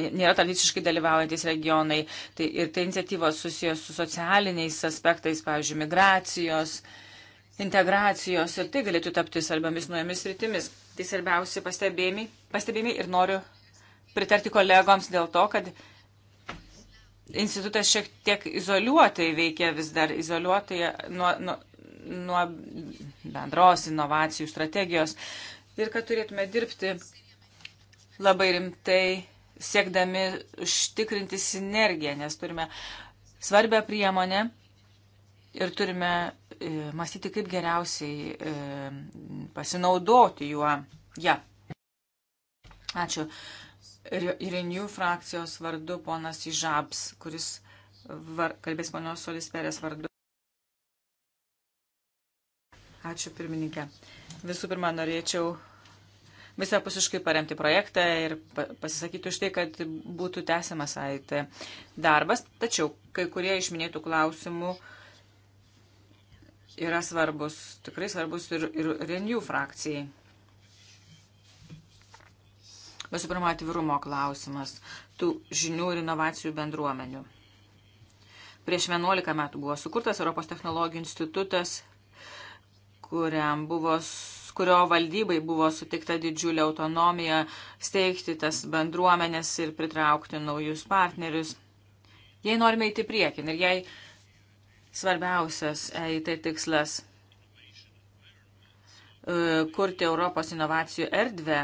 nėra tradiciškai dalyvaujantis regionai. Tai, ir tai iniciatyvos susijęs su socialiniais aspektais, pavyzdžiui, migracijos. E, integracijos ir tai galėtų tapti svarbiomis nuojomis rytimis. Tai svarbiausi pastebėjimai, pastebėjimai ir noriu pritarti kolegoms dėl to, kad institutas šiek tiek izoliuotai veikia vis dar, izoliuotai nuo, nuo, nuo bendros inovacijų strategijos ir kad turėtume dirbti labai rimtai, siekdami užtikrinti sinergiją, nes turime svarbę priemonę ir turime e, mąstyti, kaip geriausiai e, pasinaudoti juo. Ja. Ačiū. Renew frakcijos vardu ponas Ižabs, kuris var, kalbės ponios Solis Perės vardu. Ačiū pirmininkė. Visų pirma, norėčiau visapusiškai paremti projektą ir pasisakyti už tai, kad būtų tęsiamas AIT darbas. Tačiau kai kurie iš minėtų klausimų uh, yra svarbus, tikrai svarbus ir, ir Renew frakcijai. Visų pirma, atvirumo klausimas tų žinių ir inovacijų bendruomenių. Prieš 11 metų buvo sukurtas Europos technologijų institutas, kuriam buvo kurio valdybai buvo sutikta didžiulė autonomija steigti tas bendruomenės ir pritraukti naujus partnerius. Jei norime įti priekin ir jei svarbiausias EIT tikslas e, - kurti Europos inovacijų erdvę.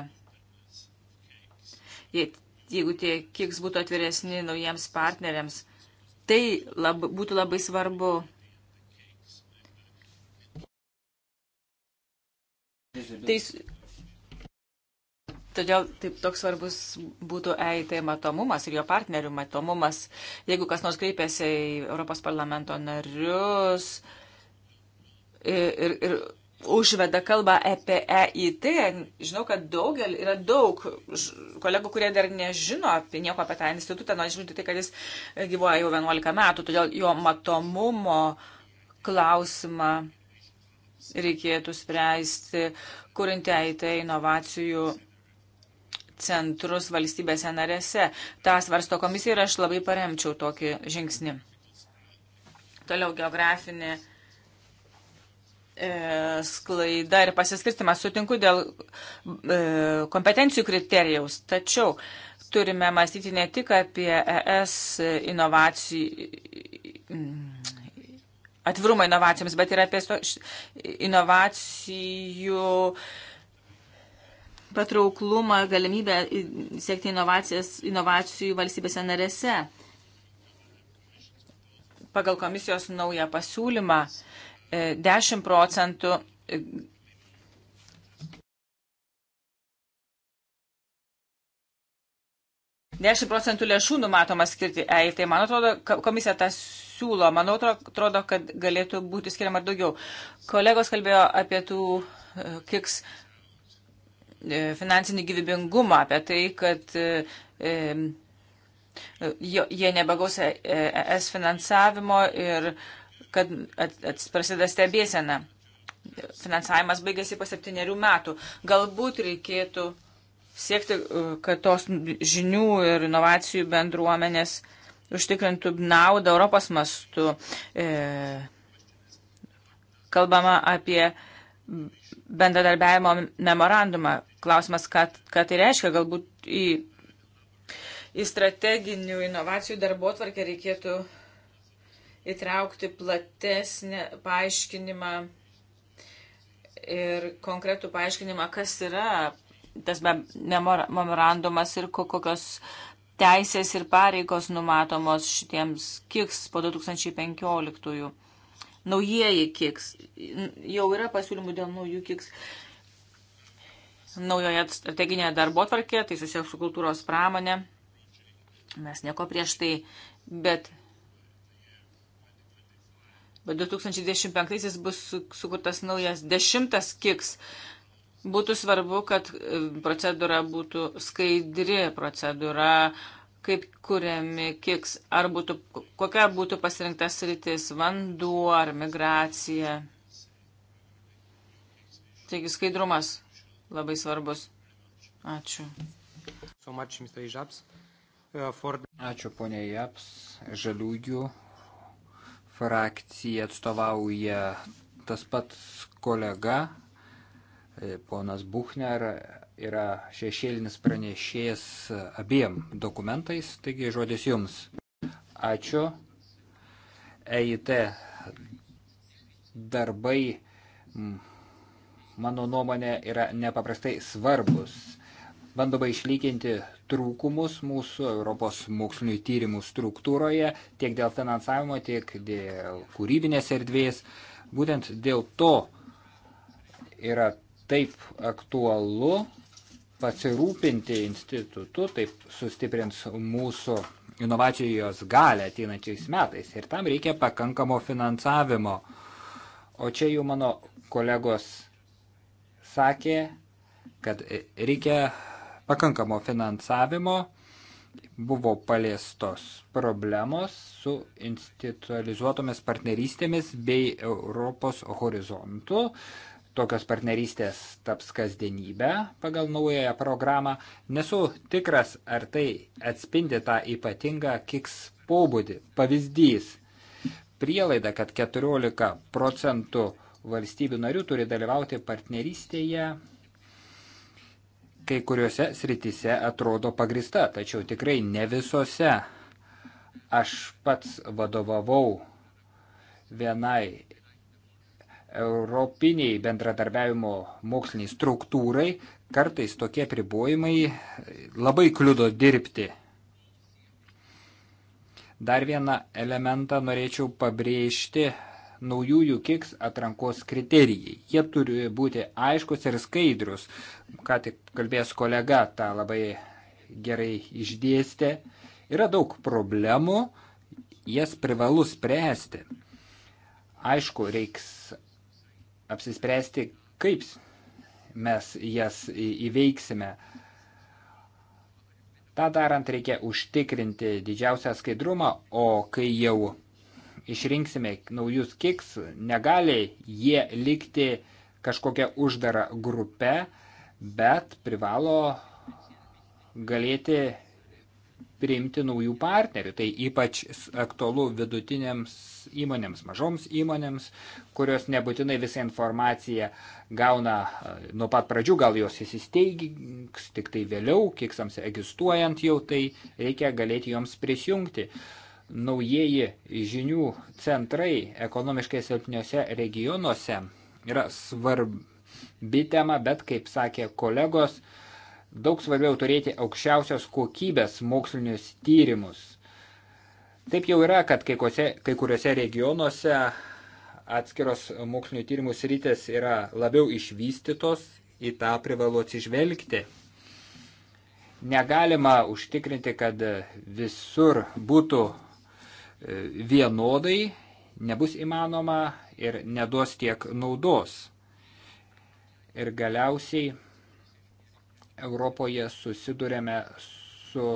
Jeigu tie kiks būtų atviresni naujiems partneriams, tai lab, būtų labai svarbu. Tai Todėl taip toks svarbus būtų EIT matomumas ir jo partnerių matomumas. Jeigu kas nors kreipiasi į Europos parlamento narius ir, ir, ir užveda kalbą apie EIT, žinau, kad daugel, yra daug kolegų, kurie dar nežino apie nieko apie tą institutą, nors žinau tai, kad jis gyvoja jau 11 metų, todėl jo matomumo klausimą reikėtų spręsti, kurinti e EIT inovacijų centrus valstybėse narėse. Ta svarsto komisija ir aš labai paremčiau tokį žingsnį. Toliau geografinė e, sklaida ir pasiskirstimas. Sutinku dėl e, kompetencijų kriterijaus, tačiau turime mąstyti ne tik apie ES inovacijų atvirumą inovacijoms, bet ir apie inovacijų patrauklumą, galimybę siekti inovacijas, inovacijų valstybėse narėse. Pagal komisijos naują pasiūlymą 10 e, procentų e, Dešimt procentų lėšų numatoma skirti EI, tai man atrodo, komisija tą siūlo, man atrodo, kad galėtų būti skiriama daugiau. Kolegos kalbėjo apie tų e, kiks E, finansinį gyvybingumą, apie tai, kad e, e, jie nebagaus ES finansavimo ir kad prasideda stebėsena. Finansavimas baigėsi po septyniarių metų. Galbūt reikėtų siekti, kad tos žinių ir inovacijų bendruomenės užtikrintų naudą Europos mastu. Kalbama apie bendradarbiavimo memorandumą. Klausimas, ką, ką tai reiškia, galbūt į, į strateginių inovacijų darbo tvarkę reikėtų įtraukti platesnį paaiškinimą ir konkretų paaiškinimą, kas yra tas memorandumas ir kokios teisės ir pareigos numatomos šitiems kiks po 2015. -ųjų naujieji kiks. Jau yra pasiūlymų dėl naujų kiks. Naujoje strateginėje darbo tvarkė, tai susijęs su kultūros pramonė. Mes nieko prieš tai, bet, bet 2025 bus sukurtas naujas dešimtas kiks. Būtų svarbu, kad procedūra būtų skaidri procedūra, kaip kuriami kiks, ar būtų, kokia būtų pasirinktas rytis - vanduo ar migracija. Taigi skaidrumas labai svarbus. Ačiū. So much, Mr. Ižaps. Uh, for... Ačiū, ponė Japs. Žaliųjų frakcija atstovauja tas pats kolega, e, ponas Buchner, yra šešėlinis pranešėjas abiem dokumentais, taigi žodis jums. Ačiū. EIT darbai, mano nuomonė, yra nepaprastai svarbus. Bandoma išlyginti trūkumus mūsų Europos mokslinių tyrimų struktūroje tiek dėl finansavimo, tiek dėl kūrybinės erdvės. Būtent dėl to yra taip aktualu pasirūpinti institutu, taip sustiprins mūsų inovacijos galę ateinančiais metais. Ir tam reikia pakankamo finansavimo. O čia jau mano kolegos sakė, kad reikia pakankamo finansavimo. Buvo paliestos problemos su institualizuotomis partnerystėmis bei Europos horizontu tokios partnerystės taps kasdienybę pagal naująją programą. Nesu tikras, ar tai atspindi tą ypatingą kiks pobūdį. Pavyzdys. Prielaida, kad 14 procentų valstybių narių turi dalyvauti partnerystėje, kai kuriuose sritise atrodo pagrista, tačiau tikrai ne visose. Aš pats vadovavau vienai Europiniai bendradarbiavimo moksliniai struktūrai kartais tokie pribojimai labai kliudo dirbti. Dar vieną elementą norėčiau pabrėžti naujųjų kiks atrankos kriterijai. Jie turi būti aiškus ir skaidrus. Ką tik kalbės kolega tą labai gerai išdėstė. Yra daug problemų, jas privalu spręsti. Aišku, reiks apsispręsti, kaip mes jas įveiksime. Ta darant reikia užtikrinti didžiausią skaidrumą, o kai jau išrinksime naujus kiks, negali jie likti kažkokią uždarą grupę, bet privalo galėti priimti naujų partnerių. Tai ypač aktualu vidutinėms įmonėms, mažoms įmonėms, kurios nebūtinai visą informaciją gauna e, nuo pat pradžių, gal jos įsisteigs tik tai vėliau, kiksams egzistuojant jau, tai reikia galėti joms prisijungti. Naujieji žinių centrai ekonomiškai silpniuose regionuose yra svarbi tema, bet, kaip sakė kolegos, daug svarbiau turėti aukščiausios kokybės mokslinius tyrimus. Taip jau yra, kad kai, kose, kai kuriuose regionuose atskiros mokslinio tyrimų sritis yra labiau išvystytos, į tą privalu atsižvelgti. Negalima užtikrinti, kad visur būtų e, vienodai, nebus įmanoma ir neduos tiek naudos. Ir galiausiai Europoje susidurėme su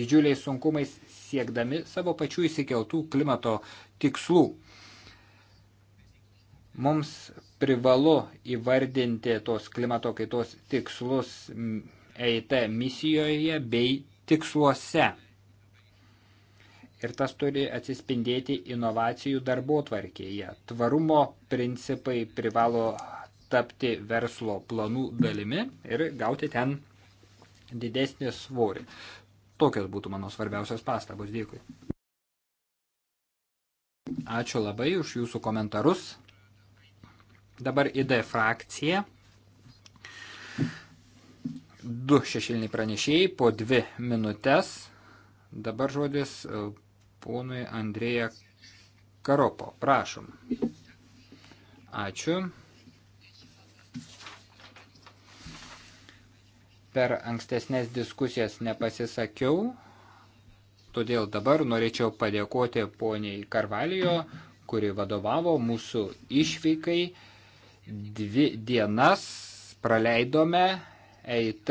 didžiuliais sunkumais siekdami savo pačių įsikeltų klimato tikslų. Mums privalu įvardinti tos klimato kaitos tikslus EIT misijoje bei tiksluose. Ir tas turi atsispindėti inovacijų darbo tvarkėje. Tvarumo principai privalo tapti verslo planų dalimi ir gauti ten didesnį svorį. Tokios būtų mano svarbiausios pastabos. Dėkui. Ačiū labai už jūsų komentarus. Dabar ID frakcija. Du šešiliniai pranešėjai po dvi minutės. Dabar žodis e, ponui Andrėja Karopo. Prašom. Ačiū. per ankstesnės diskusijas nepasisakiau, todėl dabar norėčiau padėkoti poniai Karvalijo, kuri vadovavo mūsų išvykai. Dvi dienas praleidome EIT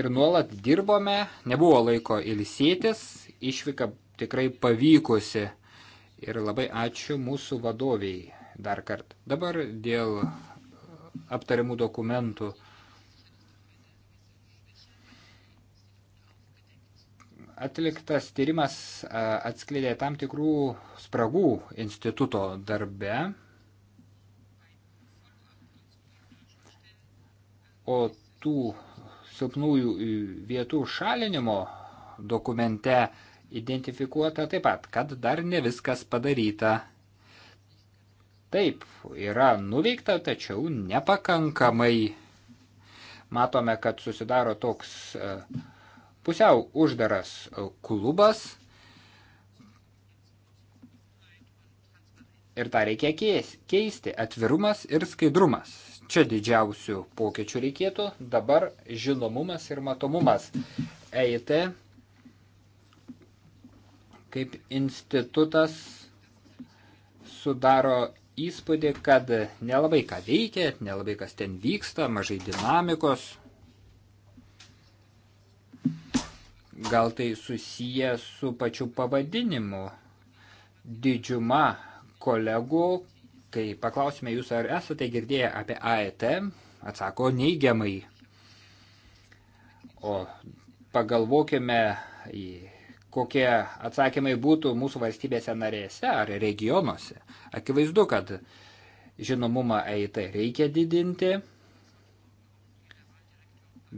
ir nuolat dirbome, nebuvo laiko ilsėtis, išvyka tikrai pavykusi ir labai ačiū mūsų vadoviai dar kartą. Dabar dėl aptariamų dokumentų. atliktas tyrimas atskleidė tam tikrų spragų instituto darbe. O tų silpnųjų vietų šalinimo dokumente identifikuota taip pat, kad dar ne viskas padaryta. Taip, yra nuveikta, tačiau nepakankamai. Matome, kad susidaro toks uh, pusiau uždaras klubas ir tą reikia keisti. Atvirumas ir skaidrumas. Čia didžiausių pokyčių reikėtų. Dabar žinomumas ir matomumas. EIT kaip institutas sudaro įspūdį, kad nelabai ką veikia, nelabai kas ten vyksta, mažai dinamikos, Gal tai susiję su pačiu pavadinimu. Didžiuma kolegų, kai paklausime jūs, ar esate girdėję apie AET, atsako neigiamai. O pagalvokime, kokie atsakymai būtų mūsų valstybėse narėse ar regionuose. Akivaizdu, kad žinomumą EIT reikia didinti.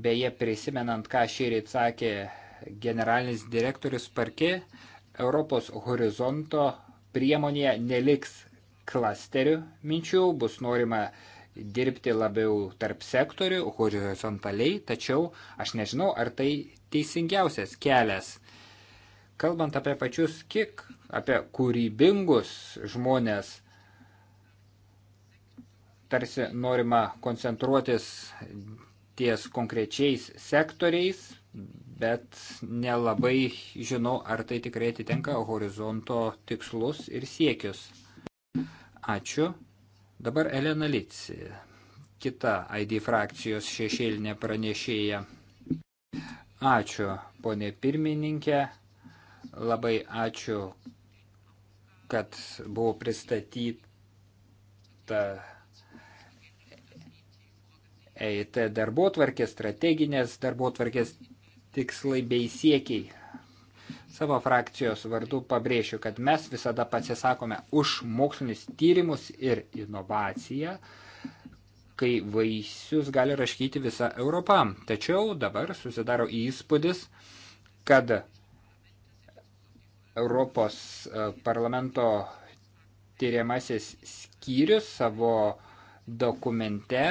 Beje, prisimenant, ką šį rytį sakė generalinis direktorius Parkė, Europos horizonto priemonėje neliks klasterių minčių, bus norima dirbti labiau tarp sektorių, horizontaliai, tačiau aš nežinau, ar tai teisingiausias kelias. Kalbant apie pačius kiek, apie kūrybingus žmonės, tarsi norima koncentruotis ties konkrečiais sektoriais, bet nelabai žinau, ar tai tikrai atitenka horizonto tikslus ir siekius. Ačiū. Dabar Elena Lici, kita ID frakcijos šešėlinė pranešėja. Ačiū, ponė pirmininkė. Labai ačiū, kad buvo pristatyta EIT darbo tvarkės, strateginės darbo tvarkės tikslai bei siekiai. Savo frakcijos vardu pabrėšiu, kad mes visada pasisakome už mokslinius tyrimus ir inovaciją, kai vaisius gali raškyti visa Europa. Tačiau dabar susidaro įspūdis, kad Europos e, parlamento tyriamasis skyrius savo dokumente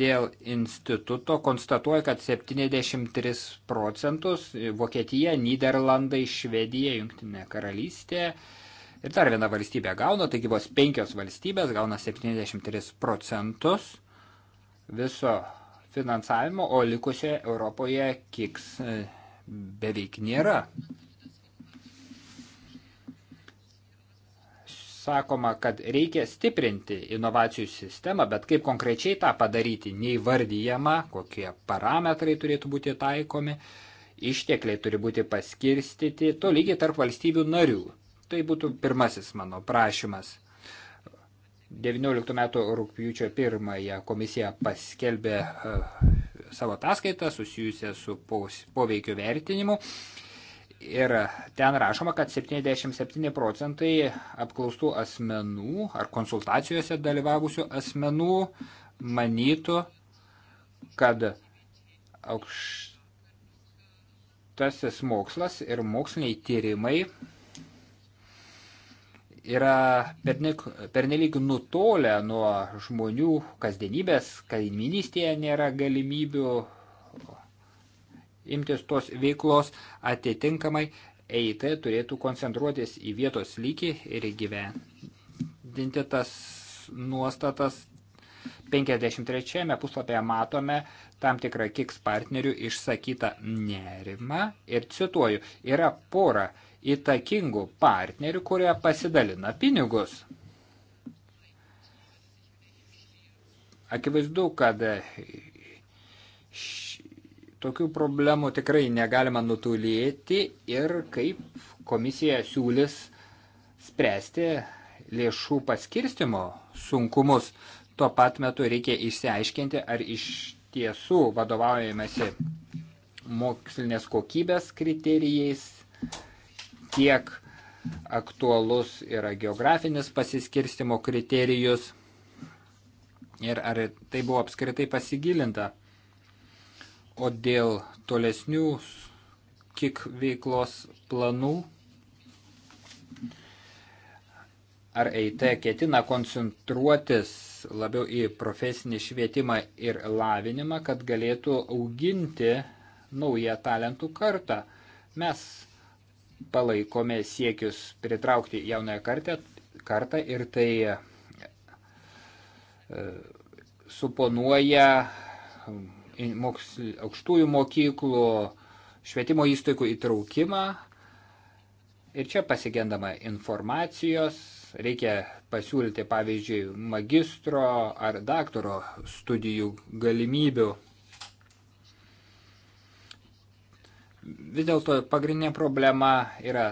dėl instituto konstatuoja, kad 73 procentus Vokietija, Niderlandai, Švedija, Junktinė karalystė ir dar viena valstybė gauna, taigi vos penkios valstybės gauna 73 procentus viso finansavimo, o likusioje Europoje kiks e, beveik nėra. sakoma, kad reikia stiprinti inovacijų sistemą, bet kaip konkrečiai tą padaryti, neįvardyjama, kokie parametrai turėtų būti taikomi, ištekliai turi būti paskirstyti, to lygiai tarp valstybių narių. Tai būtų pirmasis mano prašymas. 19 metų rūpjūčio 1 komisija paskelbė e, savo ataskaitą susijusią su poveikio vertinimu. Ir ten rašoma, kad 77 procentai apklaustų asmenų ar konsultacijose dalyvavusių asmenų manytų, kad aukštasis mokslas ir moksliniai tyrimai yra pernelyg nutolę nuo žmonių kasdienybės, kaiminystėje nėra galimybių imtis tos veiklos atitinkamai EIT turėtų koncentruotis į vietos lygį ir įgyvendinti tas nuostatas. 53 puslapyje matome tam tikrą kiks partnerių išsakytą nerimą ir cituoju, yra pora įtakingų partnerių, kurie pasidalina pinigus. Akivaizdu, kad Tokių problemų tikrai negalima nutulėti ir kaip komisija siūlis spręsti lėšų paskirstimo sunkumus. Tuo pat metu reikia išsiaiškinti, ar iš tiesų vadovaujamasi mokslinės kokybės kriterijais, tiek aktualus yra geografinis pasiskirstimo kriterijus ir ar tai buvo apskritai pasigilinta. O dėl tolesnių kiek veiklos planų, ar EIT ketina koncentruotis labiau į profesinį švietimą ir lavinimą, kad galėtų auginti naują talentų kartą. Mes palaikome siekius pritraukti jaunąją kartą, kartą ir tai e, suponuoja moksl, aukštųjų mokyklų, švietimo įstaigų įtraukimą. Ir čia pasigendama informacijos, reikia pasiūlyti pavyzdžiui magistro ar daktaro studijų galimybių. Vis dėlto pagrindinė problema yra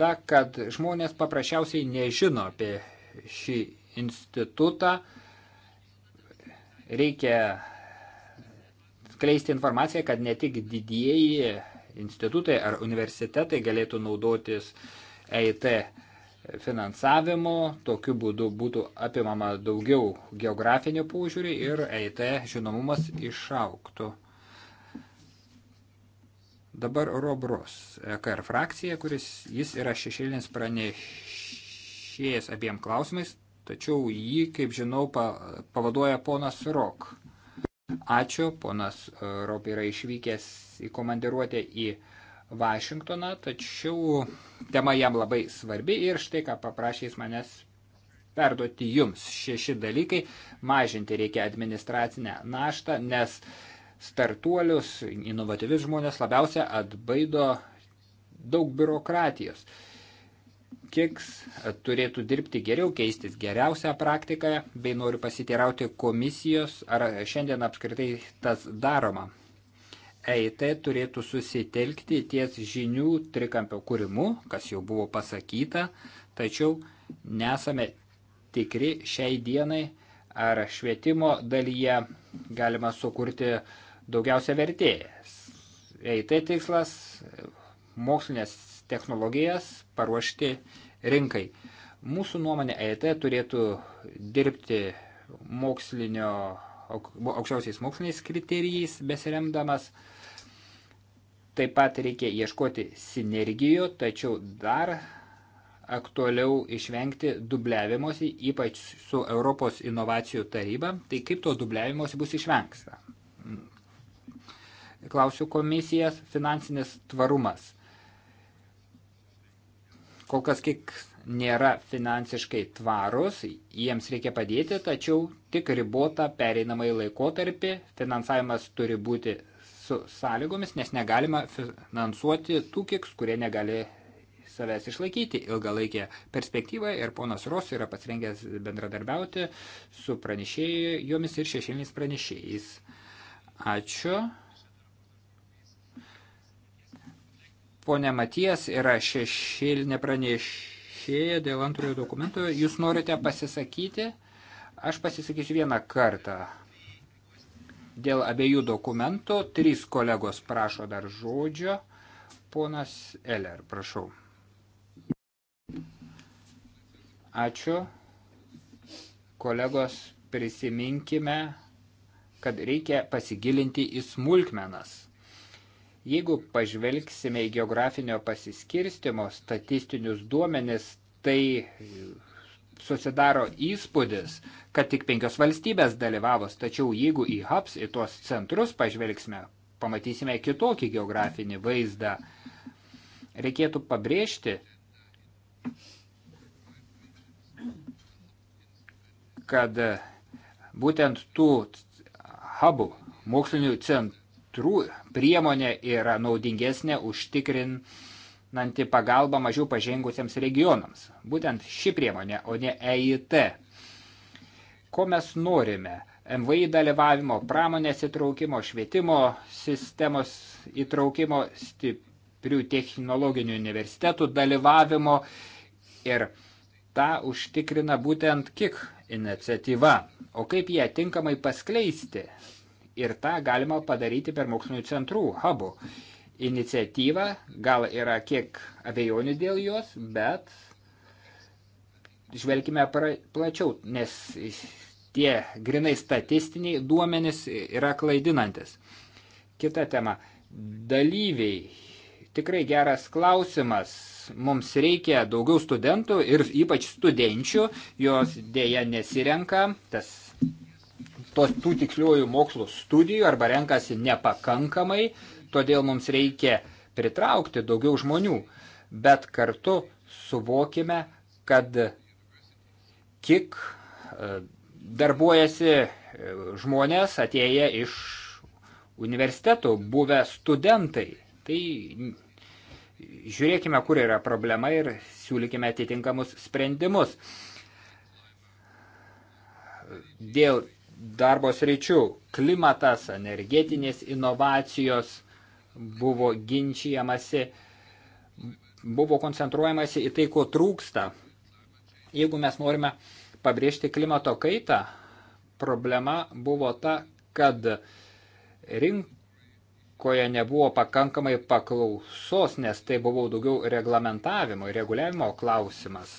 ta, kad žmonės paprasčiausiai nežino apie šį institutą. Reikia skleisti informaciją, kad ne tik didieji institutai ar universitetai galėtų naudotis EIT finansavimu, tokiu būdu būtų apimama daugiau geografinio požiūrį ir EIT žinomumas išauktų. Dabar Robros e KR frakcija, kuris jis yra šešėlinis pranešėjas abiem klausimais, tačiau jį, kaip žinau, pavaduoja ponas Rok. Ačiū, ponas e, Ropi yra išvykęs į komandiruotę į Vašingtoną, tačiau tema jam labai svarbi ir štai ką paprašys manęs perduoti jums šeši dalykai. Mažinti reikia administracinę naštą, nes startuolius, inovatyvius žmonės labiausia atbaido daug biurokratijos. Kiks e, turėtų dirbti geriau, keistis geriausią praktiką, bei noriu pasiteirauti komisijos, ar šiandien apskritai tas daroma. EIT turėtų susitelkti ties žinių trikampio kūrimu, kas jau buvo pasakyta, tačiau nesame tikri šiai dienai, ar švietimo dalyje galima sukurti daugiausia vertėjas. EIT tikslas mokslinės technologijas paruošti rinkai. Mūsų nuomonė EIT turėtų dirbti mokslinio, aukščiausiais moksliniais kriterijais besiremdamas. Taip pat reikia ieškoti sinergijų, tačiau dar aktualiau išvengti dubliavimosi, ypač su Europos inovacijų taryba. Tai kaip to dubliavimosi bus išvengsta? Klausiu komisijas, finansinis tvarumas kol kas kiek nėra finansiškai tvarus, jiems reikia padėti, tačiau tik ribota pereinamai laikotarpį finansavimas turi būti su sąlygomis, nes negalima finansuoti tų kiks, kurie negali savęs išlaikyti ilgalaikę perspektyvą ir ponas Ros yra pasirengęs bendradarbiauti su pranešėjomis ir šešėliniais pranešėjais. Ačiū. Pone Matijas yra šešilinė pranešėja dėl antrojo dokumento. Jūs norite pasisakyti? Aš pasisakysiu vieną kartą. Dėl abiejų dokumentų trys kolegos prašo dar žodžio. Ponas Eller, prašau. Ačiū. Kolegos, prisiminkime, kad reikia pasigilinti į smulkmenas. Jeigu pažvelgsime į geografinio pasiskirstimo statistinius duomenis, tai susidaro įspūdis, kad tik penkios valstybės dalyvavo, tačiau jeigu į hubs, į tuos centrus pažvelgsime, pamatysime kitokį geografinį vaizdą. Reikėtų pabrėžti, kad būtent tų hubų, mokslinių centrų, trū, priemonė yra naudingesnė užtikrinanti pagalbą mažiau pažengusiems regionams. Būtent ši priemonė, o ne EIT. Ko mes norime? MVI dalyvavimo, pramonės įtraukimo, švietimo sistemos įtraukimo, stiprių technologinių universitetų dalyvavimo ir tą užtikrina būtent KIK iniciatyva. O kaip ją tinkamai paskleisti? ir tą galima padaryti per mokslinių centrų, hubų. Iniciatyva gal yra kiek abejonių dėl jos, bet žvelgime plačiau, nes tie grinai statistiniai duomenys yra klaidinantis. Kita tema. Dalyviai. Tikrai geras klausimas. Mums reikia daugiau studentų ir ypač studenčių, jos dėja nesirenka, tas tos, tų tiksliųjų mokslų studijų arba renkasi nepakankamai, todėl mums reikia pritraukti daugiau žmonių, bet kartu suvokime, kad kiek e, darbuojasi e, žmonės atėję iš universitetų, buvę studentai. Tai žiūrėkime, kur yra problema ir siūlykime atitinkamus sprendimus. Dėl darbo sričių. Klimatas, energetinės inovacijos buvo ginčiamasi, buvo koncentruojamasi į tai, ko trūksta. Jeigu mes norime pabrėžti klimato kaitą, problema buvo ta, kad rinkoje nebuvo pakankamai paklausos, nes tai buvo daugiau reglamentavimo ir reguliavimo klausimas,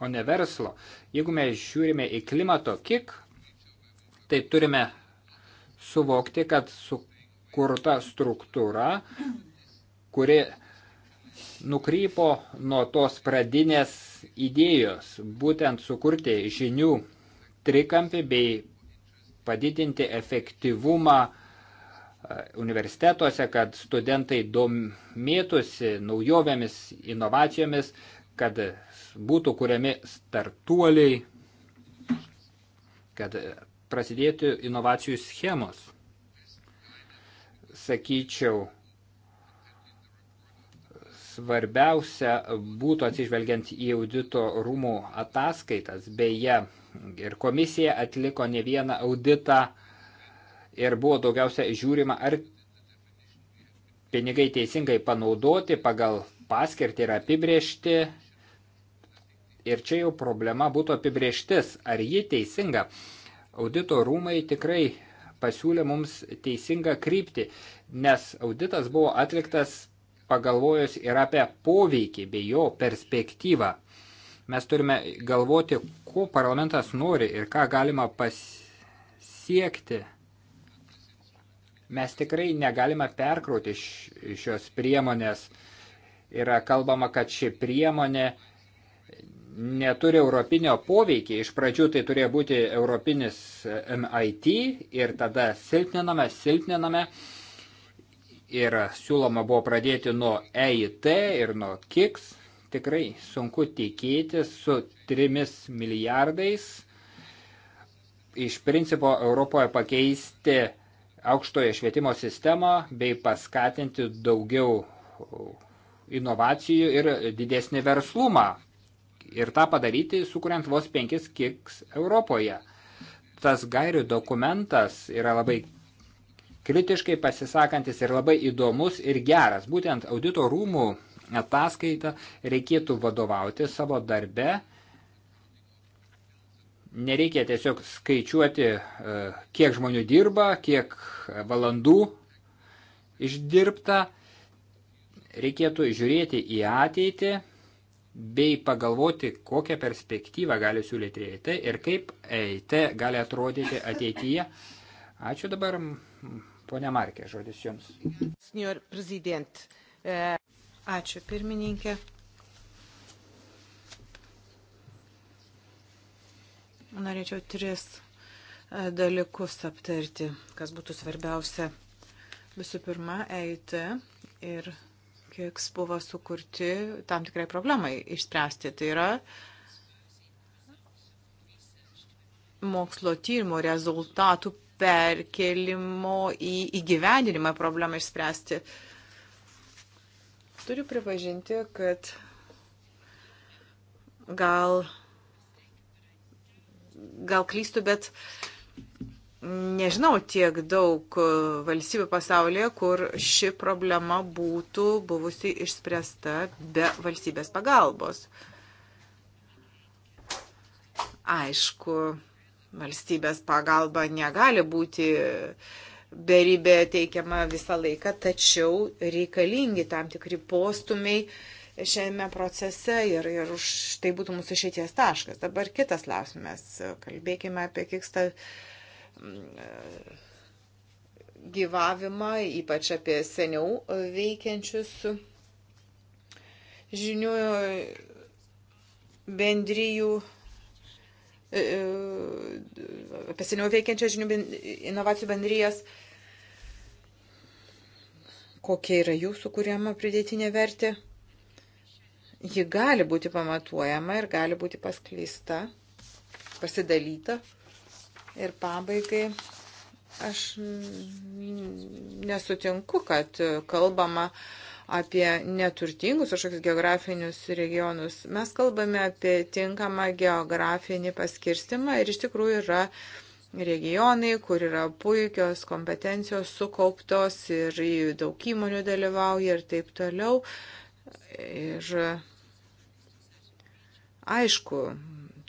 o ne verslo. Jeigu mes žiūrime į klimato kik Tai turime suvokti, kad sukurta struktūra, kuri nukrypo nuo tos pradinės idėjos, būtent sukurti žinių trikampį bei padidinti efektyvumą e, universitetuose, kad studentai domėtųsi naujovėmis, inovacijomis, kad būtų kuriami startuoliai, kad prasidėti inovacijų schemos. Sakyčiau, svarbiausia būtų atsižvelgiant į audito rūmų ataskaitas. Beje, ir komisija atliko ne vieną auditą ir buvo daugiausia žiūrima, ar pinigai teisingai panaudoti pagal paskirtį ir apibriežti. Ir čia jau problema būtų apibrieštis, ar ji teisinga. Audito rūmai tikrai pasiūlė mums teisingą kryptį, nes auditas buvo atliktas pagalvojus ir apie poveikį bei jo perspektyvą. Mes turime galvoti, ko parlamentas nori ir ką galima pasiekti. Mes tikrai negalime perkrauti šios priemonės. Yra kalbama, kad ši priemonė uh, neturi europinio poveikio. Iš pradžių tai turėjo būti europinis e, MIT ir tada silpniname, silpniname. Ir siūloma buvo pradėti nuo EIT ir nuo KIX. Tikrai sunku tikėtis su 3 milijardais. Iš principo Europoje pakeisti aukštojo švietimo sistemą bei paskatinti daugiau inovacijų ir didesnį verslumą ir tą padaryti, sukuriant vos penkis kiks Europoje. Tas gairių dokumentas yra labai kritiškai pasisakantis ir labai įdomus ir geras. Būtent audito rūmų ataskaitą reikėtų vadovauti savo darbe. Nereikia tiesiog skaičiuoti, e, kiek žmonių dirba, kiek valandų išdirbta. Reikėtų žiūrėti į ateitį bei pagalvoti, kokią perspektyvą gali siūlyti EIT ir kaip EIT gali atrodyti ateityje. Ačiū dabar, ponia Markė, žodis jums. Senior prezident. E, ačiū, pirmininkė. Norėčiau tris e, dalykus aptarti, kas būtų svarbiausia. Visų pirma, EIT ir Kiks buvo sukurti tam tikrai problemai išspręsti. Tai yra mokslo tyrimo rezultatų perkelimo į įgyvendinimą problemą išspręsti. Turiu pripažinti, kad gal, gal klystu, bet uh, nežinau tiek daug e, valstybių pasaulyje, kur ši problema būtų buvusi išspręsta be valstybės pagalbos. Aišku, valstybės pagalba negali būti beribė teikiama visą laiką, tačiau reikalingi tam tikri postumiai šiame procese ir, ir už tai būtų mūsų išėties taškas. Dabar kitas klausimas. Kalbėkime apie kikstą. Uh, Mm, e, gyvavimą, ypač apie seniau veikiančius žinių bendryjų e, apie seniau veikiančią žinių inovacijų bendryjas, kokia yra jūsų kuriama pridėtinė vertė. Ji gali būti pamatuojama ir gali būti paskleista, pasidalyta Ir pabaigai aš nesutinku, kad kalbama apie neturtingus kažkokius geografinius regionus. Mes kalbame apie tinkamą geografinį paskirstimą ir iš tikrųjų yra regionai, kur yra puikios kompetencijos sukauptos ir daug įmonių dalyvauja ir taip toliau. Ir aišku,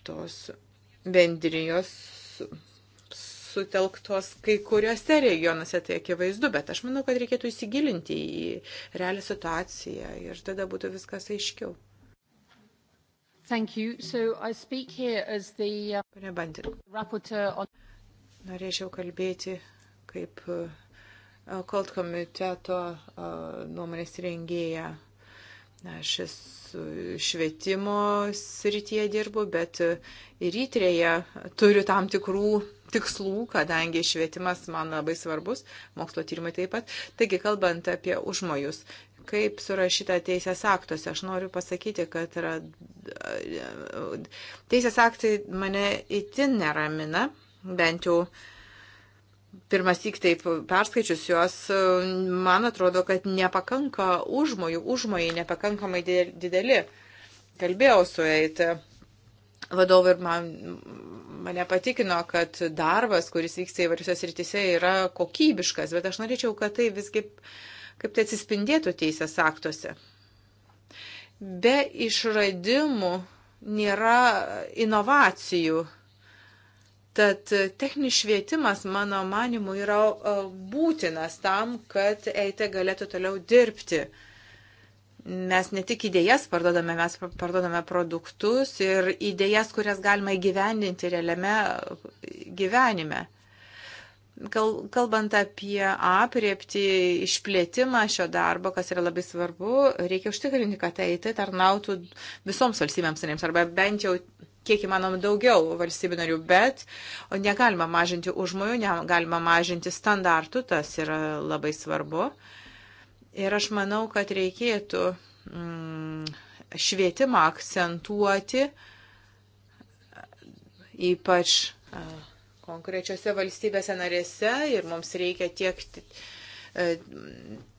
tos bendrijos sutelktos kai kuriuose regionuose, tai akivaizdu, bet aš manau, kad reikėtų įsigilinti į realią situaciją ir tada būtų viskas aiškiau. Thank you. So I speak here as the uh, rapporteur on. Norėčiau kalbėti kaip uh, Kolt komiteto uh, nuomonės rengėja Aš esu švietimo srityje dirbu, bet ir įtrėje turiu tam tikrų tikslų, kadangi švietimas man labai svarbus, mokslo tyrimai taip pat. Taigi, kalbant apie užmojus, kaip surašyta teisės aktuose, aš noriu pasakyti, kad yra... teisės aktai mane itin neramina, bent jau uh, pirmas tik taip perskaičius juos, man atrodo, kad nepakanka užmojų, užmojai nepakankamai dideli. Kalbėjau su EIT vadovai ir man, mane patikino, kad darbas, kuris vyksta įvairiose srityse, yra kokybiškas, bet aš norėčiau, kad tai visgi kaip tai atsispindėtų teisės aktuose. Be išradimų nėra inovacijų, Tad techninis švietimas, mano manimu, yra e, būtinas tam, kad EIT galėtų toliau dirbti. Mes ne tik idėjas parduodame, mes parduodame produktus ir idėjas, kurias galima įgyvendinti realiame gyvenime. Kalbant apie apriepti išplėtimą šio darbo, kas yra labai svarbu, reikia užtikrinti, kad EIT tarnautų visoms valstybėms narėms arba bent jau kiek įmanom daugiau valstybių narių, bet negalima mažinti užmojų, negalima mažinti standartų, tas yra labai svarbu. Ir aš manau, kad reikėtų mm, švietimą akcentuoti, ypač konkrečiose valstybėse narėse ir mums reikia tiek e,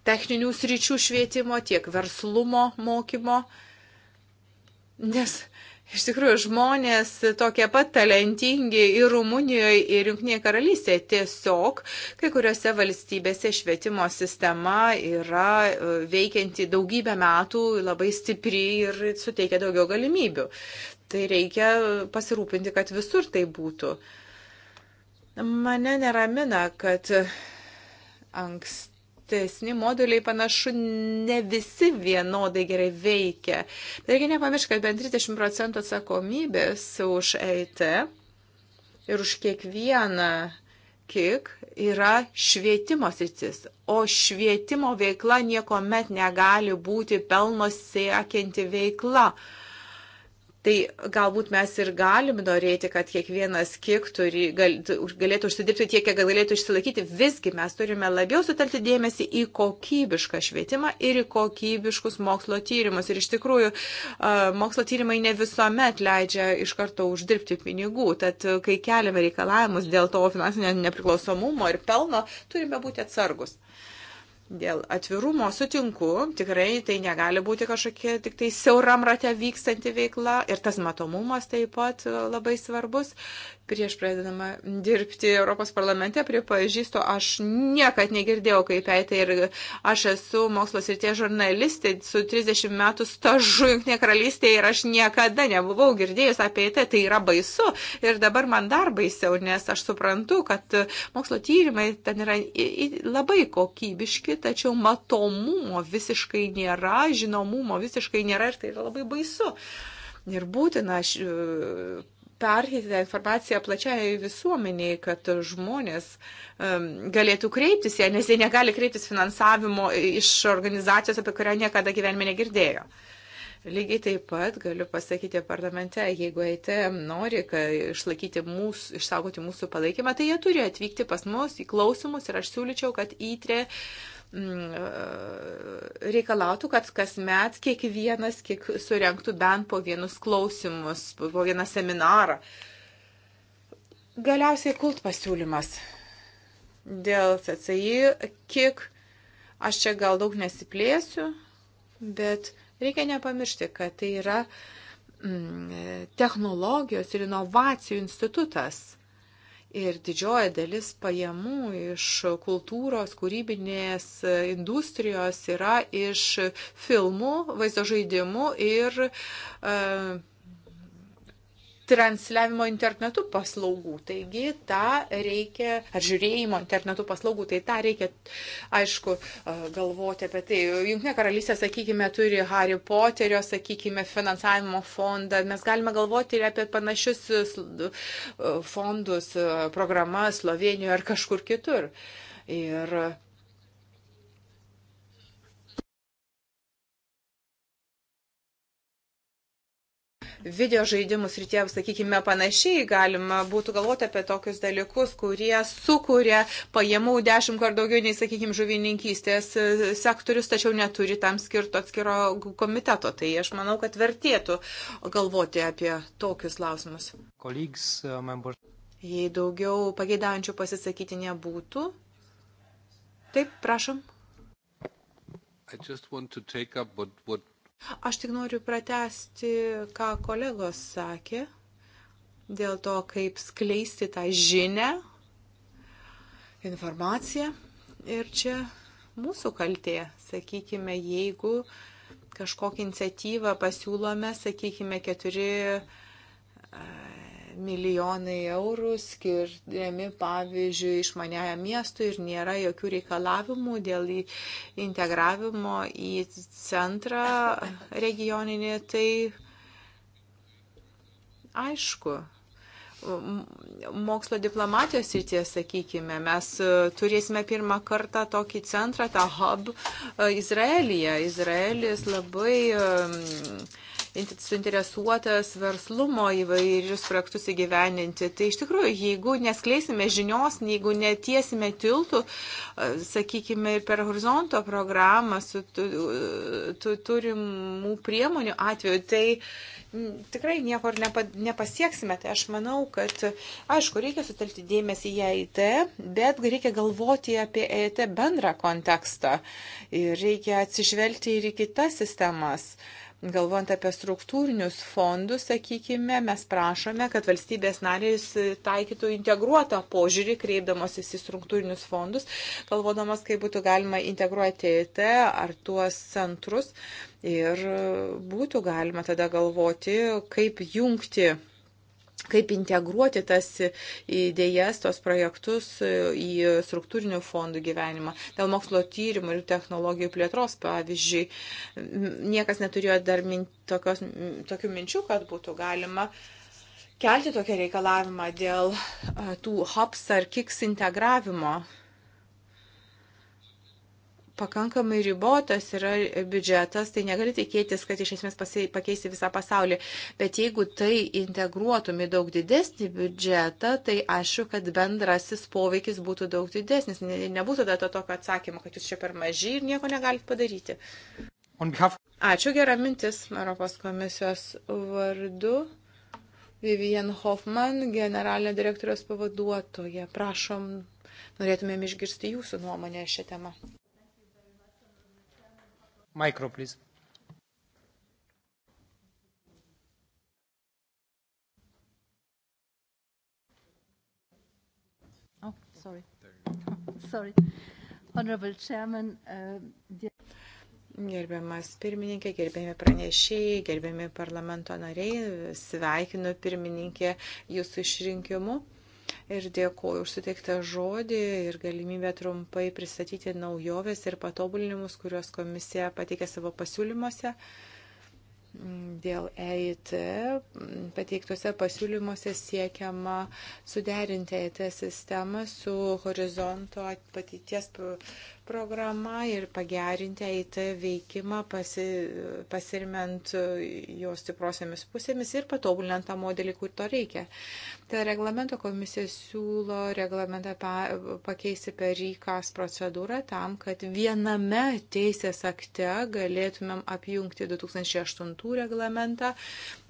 techninių sričių švietimo, tiek verslumo mokymo, nes Iš tikrųjų, žmonės tokie pat talentingi ir Rumunijoje, ir Junktinėje karalystėje. Tiesiog kai kuriuose valstybėse švietimo sistema yra e, veikianti daugybę metų, labai stipri ir suteikia daugiau galimybių. Tai reikia pasirūpinti, kad visur tai būtų. Mane neramina, kad anksti ankstesni moduliai panašu ne visi vienodai gerai veikia. Reikia nepamiršti, kad bent 30 procentų atsakomybės už EIT ir už kiekvieną kiek yra švietimo sritis, o švietimo veikla nieko met negali būti pelno siekianti veikla. Uh, Tai galbūt mes ir galim norėti, kad kiekvienas kiek turi, gal, galėtų užsidirbti tiek, kiek galėtų išsilaikyti. Visgi mes turime labiau sutelkti dėmesį į kokybišką švietimą ir į kokybiškus mokslo tyrimus. Ir iš tikrųjų, mokslo tyrimai ne visuomet leidžia iš karto uždirbti pinigų. Tad, kai keliame reikalavimus dėl to finansinio nepriklausomumo ir pelno, turime būti atsargus. Thank you Dėl atvirumo sutinku, tikrai tai negali būti kažkokia tik tai siauram rate vykstanti veikla ir tas matomumas taip pat e, labai svarbus. Prieš pradedama dirbti Europos parlamente, pripažįstu, aš niekad negirdėjau, kaip eitai ir aš esu mokslos ir tie žurnalistai su 30 metų stažu Junktinė karalystė ir aš niekada nebuvau girdėjus apie tai, tai yra baisu ir dabar man dar baisiau, nes aš suprantu, kad mokslo tyrimai ten yra labai kokybiški tačiau matomumo visiškai nėra, žinomumo visiškai nėra ir tai yra labai baisu. Ir būtina aš e, perkeitė tą informaciją plačiai visuomeniai, kad žmonės um, galėtų kreiptis ją, nes jie negali kreiptis finansavimo iš organizacijos, apie kurią niekada gyvenime negirdėjo. Lygiai taip pat galiu pasakyti parlamente, jeigu EITM nori išlaikyti mūsų, išsaugoti mūsų palaikymą, tai jie turi atvykti pas mus į klausimus ir aš siūlyčiau, kad įtrė. E, Mm, e, reikalautų, kad kasmet kiekvienas kiek surenktų bent po vienus klausimus, po vieną seminarą. Galiausiai kult pasiūlymas dėl CCI, kiek aš čia gal daug nesiplėsiu, bet reikia nepamiršti, kad tai yra mm, e, technologijos ir inovacijų institutas Ir didžioji dalis pajamų iš kultūros, kūrybinės industrijos yra iš filmų, vaizdo žaidimų ir e, transliavimo internetu paslaugų. Taigi tą reikia, ar žiūrėjimo internetu paslaugų, tai tą reikia, aišku, galvoti apie tai. Junktinė karalystė, sakykime, turi Harry Potterio, sakykime, finansavimo fondą. Mes galime galvoti ir apie panašius fondus, programas Slovenijoje ar kažkur kitur. Ir video žaidimus rytie, sakykime, panašiai galima būtų galvoti apie tokius dalykus, kurie sukuria pajamų dešimt kart daugiau nei, sakykime, žuvininkystės e, sektorius, tačiau neturi tam skirto atskiro komiteto. Tai aš manau, kad vertėtų galvoti apie tokius klausimus. Euh, Jei daugiau pageidančių pasisakyti nebūtų. Taip, prašom. I just want to take up what, what Aš tik noriu pratesti, ką kolegos sakė, dėl to, kaip skleisti tą žinę, informaciją. Ir čia mūsų kaltė, sakykime, jeigu kažkokią iniciatyvą pasiūlome, sakykime, keturi milijonai eurų skiriami, pavyzdžiui, išmaniaja miestui ir nėra jokių reikalavimų dėl integravimo į centrą regioninį, tai aišku, mokslo diplomatijos rytie, sakykime, mes e, turėsime pirmą kartą tokį centrą, tą hub e, Izraelyje. Izraelis labai e, suinteresuotas verslumo įvairius projektus įgyveninti. Tai iš tikrųjų, jeigu neskleisime žinios, jeigu netiesime tiltų, e, sakykime, ir per horizonto programą su tu, tu, turimų priemonių atveju, tai tikrai niekur nepa, nepasieksime. Tai aš manau, kad, aišku, reikia sutelkti dėmesį į EIT, bet reikia galvoti apie EIT bendrą kontekstą. Ir reikia atsižvelgti ir į kitas sistemas. Uh, Galvojant apie struktūrinius fondus, sakykime, mes prašome, kad valstybės narės taikytų integruotą požiūrį, kreipdamosis į struktūrinius fondus, galvodamas, kaip būtų galima integruoti IT e ar tuos centrus ir būtų galima tada galvoti, kaip jungti kaip integruoti tas idėjas, tos projektus į struktūrinių fondų gyvenimą. Dėl mokslo tyrimų ir technologijų plėtros, pavyzdžiui, niekas neturėjo dar min, tokios, tokių minčių, kad būtų galima kelti tokią reikalavimą dėl tų hops ar kiks integravimo pakankamai ribotas yra biudžetas, tai negali tikėtis, kad iš esmės pakeisti visą pasaulį. Bet jeigu tai integruotum į daug didesnį biudžetą, tai aišku, kad bendrasis poveikis būtų daug didesnis. Ne, nebūtų tada to tokio atsakymo, kad jūs čia per maži ir nieko negalit padaryti. Ačiū gera mintis Europos komisijos vardu. Vivian Hoffman, generalinio direktorios pavaduotoja. Prašom, norėtumėm išgirsti jūsų nuomonę šią temą. Micro, please. Oh, sorry. Sorry. Honorable Chairman, uh, dear... Gerbiamas pirmininkė, gerbiami pranešėjai, gerbiami parlamento nariai, sveikinu pirmininkė jūsų išrinkimu ir dėkoju už suteiktą žodį ir galimybę trumpai pristatyti naujoves ir patobulinimus, kuriuos komisija pateikė savo pasiūlymuose. Dėl EIT pateiktuose pasiūlymuose siekiama suderinti EIT sistemą su horizonto patyties programa ir pagerinti EIT veikimą pasi, pasiriment jos stiprosiamis pusėmis ir patobulinant tą modelį, kur to reikia. Tai reglamento komisija siūlo reglamentą pa, pakeisti per rykas procedūrą tam, kad viename teisės akte galėtumėm apjungti 2008 reglamentą,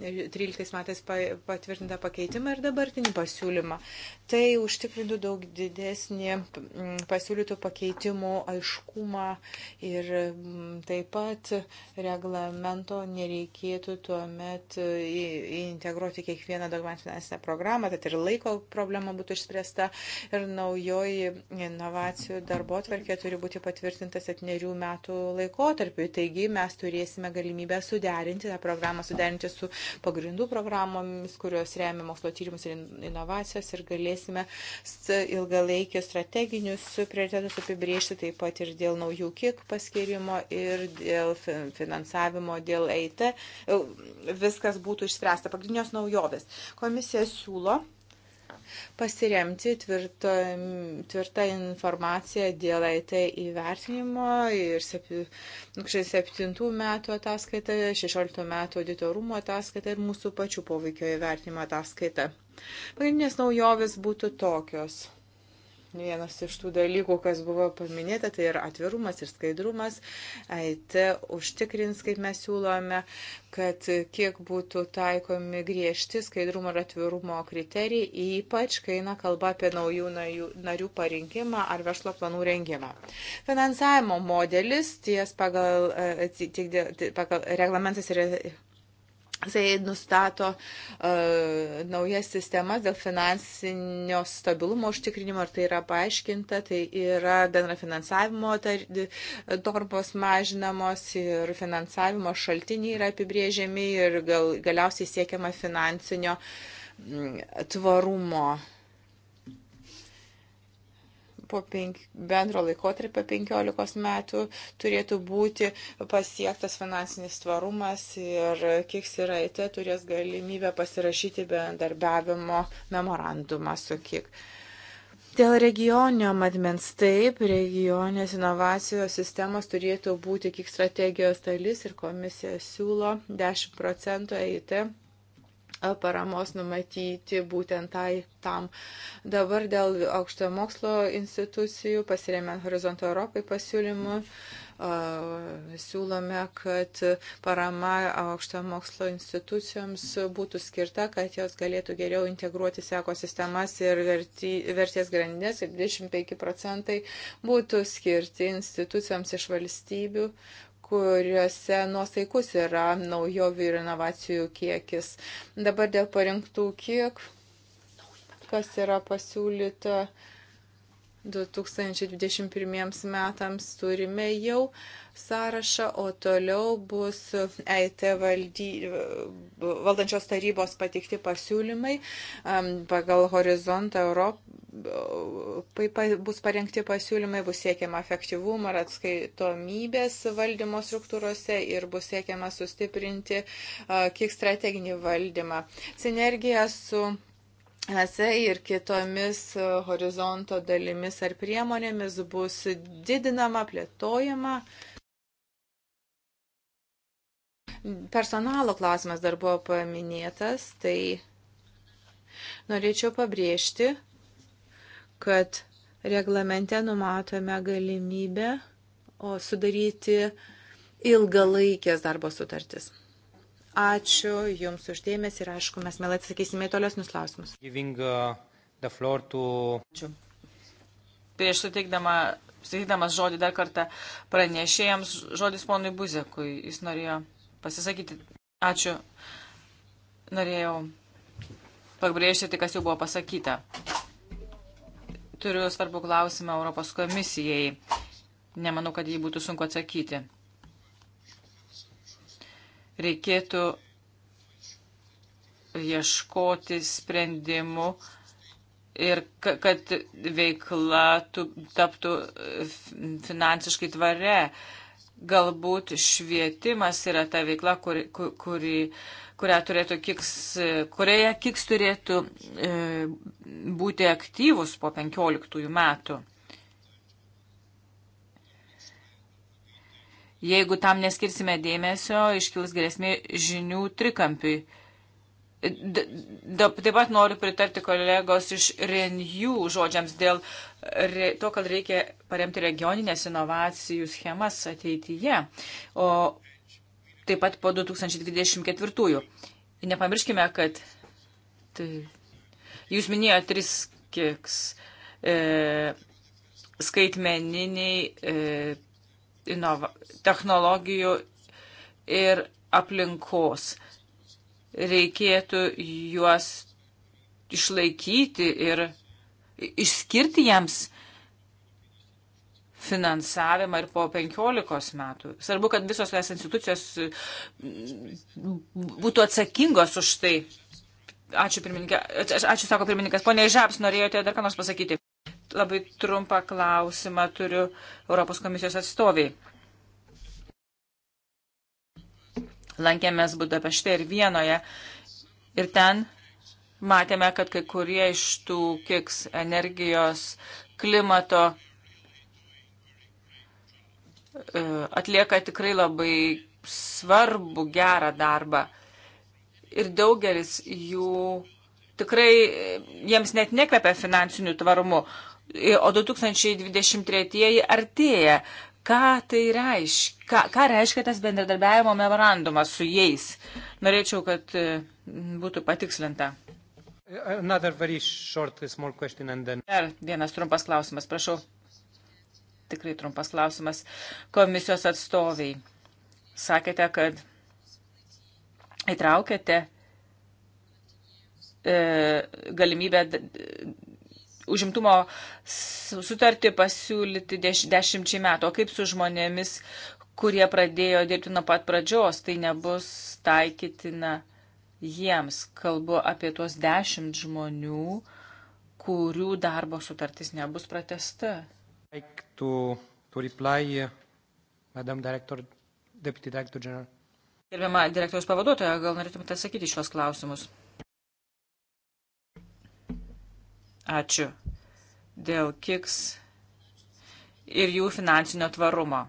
13 metais patvirtintą pakeitimą ir dabartinį pasiūlymą. Tai užtikrintų daug didesnį pasiūlytų pakeitimų aiškumą ir mm, taip pat reglamento nereikėtų tuomet e, integruoti kiekvieną daugmaž finansinę programą, tad ir laiko problema būtų išspręsta ir naujoji inovacijų darbo atvarkė turi būti patvirtinta septynerių metų laikotarpiu. Taigi mes turėsime galimybę suderinti tą programą, suderinti su pagrindų programomis, kurios remia mokslo tyrimus ir inovacijas ir galėsime ilgalaikius strateginius prioritetus apibriežti, taip taip pat ir dėl naujų kiek paskirimo ir dėl finansavimo, dėl EIT, e, viskas būtų išspręsta. Pagrindinės naujovės. Komisija siūlo pasiremti tvirtą, tvirtą informaciją dėl e IT įvertinimo ir 2007 nu, metų ataskaita, 16 metų auditorumo ataskaita ir mūsų pačių poveikio įvertinimo ataskaita. Pagrindinės naujovės būtų tokios vienas iš tų dalykų, kas buvo paminėta, tai yra atvirumas ir skaidrumas. IT užtikrins, kaip mes siūlome, kad kiek būtų taikomi griežti skaidrumo ir atvirumo kriterijai, ypač kai eina kalba apie naujų narių parinkimą ar verslo planų rengimą. Finansavimo modelis ties pagal, e, pagal reglamentas yra. Ir Jisai nustato uh, naujas sistemas dėl finansinio stabilumo užtikrinimo, ar tai yra paaiškinta, tai yra bendra finansavimo normos mažinamos ir finansavimo šaltiniai yra apibrėžiami ir gal, galiausiai siekiama finansinio tvarumo. Uh, po penk, bendro laikotarpio 15 metų turėtų būti pasiektas finansinis tvarumas ir kiek SIRAIT turės galimybę pasirašyti bendarbiavimo memorandumą su kiek. Dėl regioninio madmens taip, regioninės inovacijos sistemos turėtų būti kiek strategijos dalis ir komisija siūlo 10 procentų EIT paramos numatyti būtent tai tam. Dabar dėl aukštojo mokslo institucijų, pasiremiant Horizonto Europai pasiūlymu, siūlome, kad parama aukštojo mokslo institucijoms būtų skirta, kad jos galėtų geriau integruotis ekosistemas ir verti, vertės grandinės ir 25 procentai būtų skirti institucijoms iš valstybių, kuriuose nuosaikus yra naujovių ir inovacijų kiekis. Dabar dėl parinktų kiek, kas yra pasiūlyta 2021 metams turime jau sąrašą, o toliau bus EIT valdy, valdančios tarybos patikti pasiūlymai pagal horizontą Europą bus parengti pasiūlymai, bus siekiama efektyvumo ir atskaitomybės valdymo struktūrose ir bus siekiama sustiprinti kiek strateginį valdymą. Sinergija su ESE ir kitomis e, horizonto dalimis ar priemonėmis bus didinama, plėtojama. Personalo klausimas dar buvo paminėtas, tai norėčiau pabrėžti, kad reglamente numatome galimybę sudaryti ilgalaikės darbo sutartis. Ačiū Jums uždėmės ir aišku, mes mielai atsakysime į tolesnius klausimus. Uh, to... Ačiū. Prieš suteikdama, suteikdamas žodį dar kartą pranešėjams, žodis ponui Buzekui, jis norėjo pasisakyti. Ačiū. Norėjau pabrėžti tai, kas jau buvo pasakyta. Turiu svarbų klausimą Europos komisijai. Nemanau, kad jį būtų sunku atsakyti reikėtų ieškoti sprendimų ir kad veikla taptų finansiškai tvare. Galbūt švietimas yra ta veikla, kuri, kuri, kurią turėtų kiks, kurioje kiks turėtų e, būti aktyvus po 15 metų. Jeigu tam neskirsime dėmesio, iškils grėsmė žinių trikampiui. D taip pat noriu pritarti kolegos iš Renjų žodžiams dėl re, to, kad reikia paremti regioninės inovacijų schemas ateityje, o taip pat po 2024. -ųjų. Nepamirškime, kad tai, jūs minėjote tris kiks e, skaitmeniniai. E, inova, technologijų ir aplinkos. Reikėtų juos išlaikyti ir išskirti jiems finansavimą ir po 15 metų. Svarbu, kad visos es institucijos mm, būtų atsakingos už tai. Ačiū, pirmininkė. Ačiū, sako pirmininkas. Pone Žaps, norėjote dar ką nors pasakyti? labai trumpą klausimą turiu Europos komisijos atstoviai. Lankėmės Budapešte ir Vienoje ir ten matėme, kad kai kurie iš tų kiks energijos, klimato e, atlieka tikrai labai svarbu, gerą darbą. Ir daugelis jų tikrai jiems net nekvepia finansiniu tvarumu o 2023 artėja. Ką tai reiškia? Ką, ką reiškia tas bendradarbiavimo memorandumas su jais? Norėčiau, kad e, būtų patikslinta. Short, then... Dar vienas trumpas klausimas, prašau. Tikrai trumpas klausimas. Komisijos atstoviai, sakėte, kad įtraukėte e, galimybę užimtumo sutartį pasiūlyti deš, dešimčiai metų, o kaip su žmonėmis, kurie pradėjo dirbti nuo pat pradžios, tai nebus taikytina jiems. Kalbu apie tuos dešimt žmonių, kurių darbo sutartis nebus pratesta. Like to, to reply, uh, Madam Director, Deputy Director General. Gerbiama direktoriaus pavaduotoja, gal norėtumėte atsakyti šios klausimus? Ačiū. Dėl KIKS ir jų finansinio tvarumo.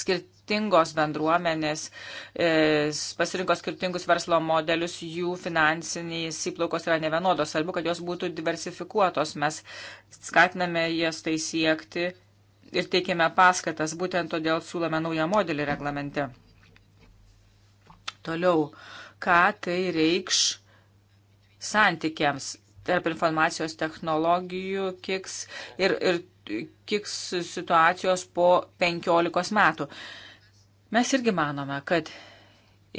Skirt skirtingos bendruomenės e, pasirinko skirtingus verslo modelius, jų finansinės įplaukos yra nevienodos. Svarbu, kad jos būtų diversifikuotos. Mes skatiname jas tai siekti ir teikiame paskatas. Būtent todėl siūlome naują modelį reglamente. Toliau, ką tai reikš santykiams tarp informacijos technologijų, kiks ir, ir kiks situacijos po 15 metų. Mes irgi manome, kad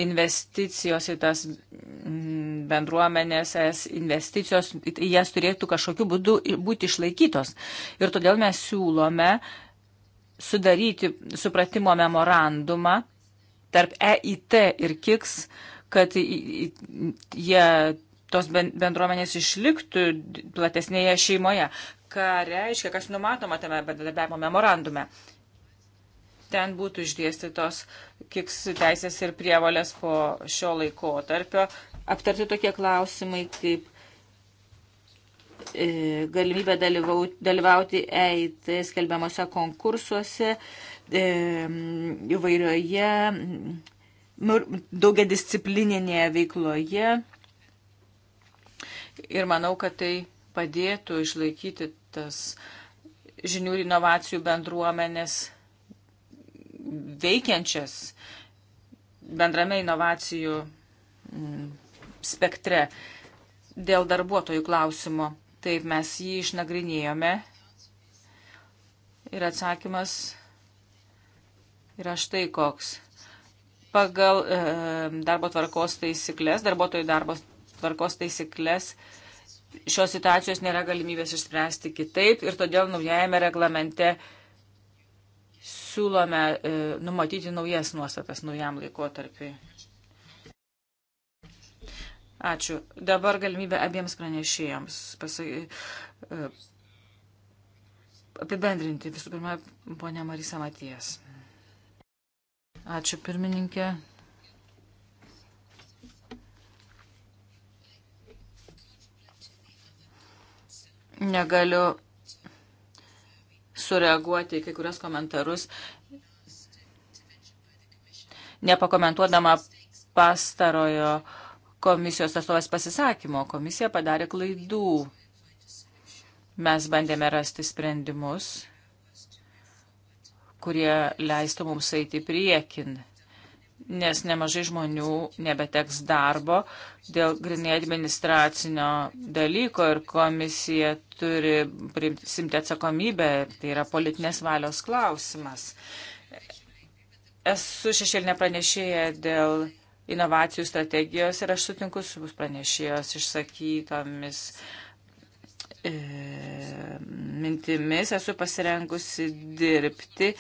investicijos į tas mm, bendruomenės, investicijos į tai, jas turėtų kažkokiu būdu būti išlaikytos. Ir todėl mes siūlome sudaryti supratimo memorandumą tarp EIT ir KIKS, kad jie tos bendruomenės išliktų platesnėje šeimoje. Ką reiškia, kas numatoma tame bendradarbiavimo memorandume? Ten būtų išdėstytos kiks teisės ir prievalės po šio laiko tarpio. Aptarti tokie klausimai kaip e, galimybę dalyvauti EIT skelbiamuose konkursuose, e, įvairioje daugia disciplininėje veikloje, ir manau, kad tai padėtų išlaikyti tas žinių ir inovacijų bendruomenės veikiančias bendrame inovacijų mm, spektre. Dėl darbuotojų klausimo, taip mes jį išnagrinėjome ir atsakymas yra štai koks. Pagal e, darbo tvarkos taisyklės, darbuotojų darbos tvarkos taisyklės, šios situacijos nėra galimybės išspręsti kitaip ir todėl naujajame reglamente siūlome e, numatyti naujas nuostatas naujam laikotarpiui. Ačiū. Dabar galimybė abiems pranešėjams pasai, e, apibendrinti. Visų pirma, ponia Marisa Matijas. Ačiū pirmininkė. negaliu sureaguoti į kai kurios komentarus, nepakomentuodama pastarojo komisijos atstovas pasisakymo. Komisija padarė klaidų. Mes bandėme rasti sprendimus, kurie leistų mums eiti priekin nes nemažai žmonių nebeteks darbo dėl grinai administracinio dalyko ir komisija turi simti atsakomybę, tai yra politinės valios klausimas. Esu šešėlinė pranešėja dėl inovacijų strategijos ir aš sutinku su pranešėjos išsakytomis e, mintimis. Esu pasirengusi dirbti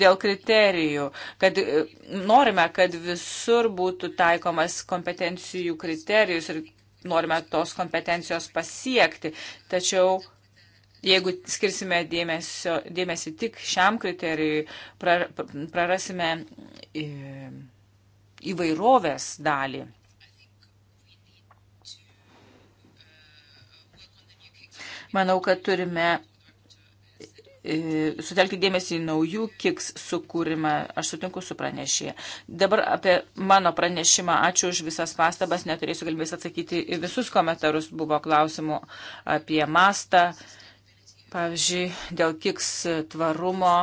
dėl kriterijų, kad e, norime, kad visur būtų taikomas kompetencijų kriterijus ir norime tos kompetencijos pasiekti. Tačiau jeigu skirsime dėmesio, dėmesį tik šiam kriterijui, pra, prarasime e, įvairovės dalį. Manau, kad turime E, sutelkti dėmesį į naujų kiks sukūrimą. Aš sutinku su pranešėje. Dabar apie mano pranešimą. Ačiū už visas pastabas. Neturėsiu galimybės atsakyti į visus komentarus. Buvo klausimų apie mastą. Pavyzdžiui, dėl kiks tvarumo.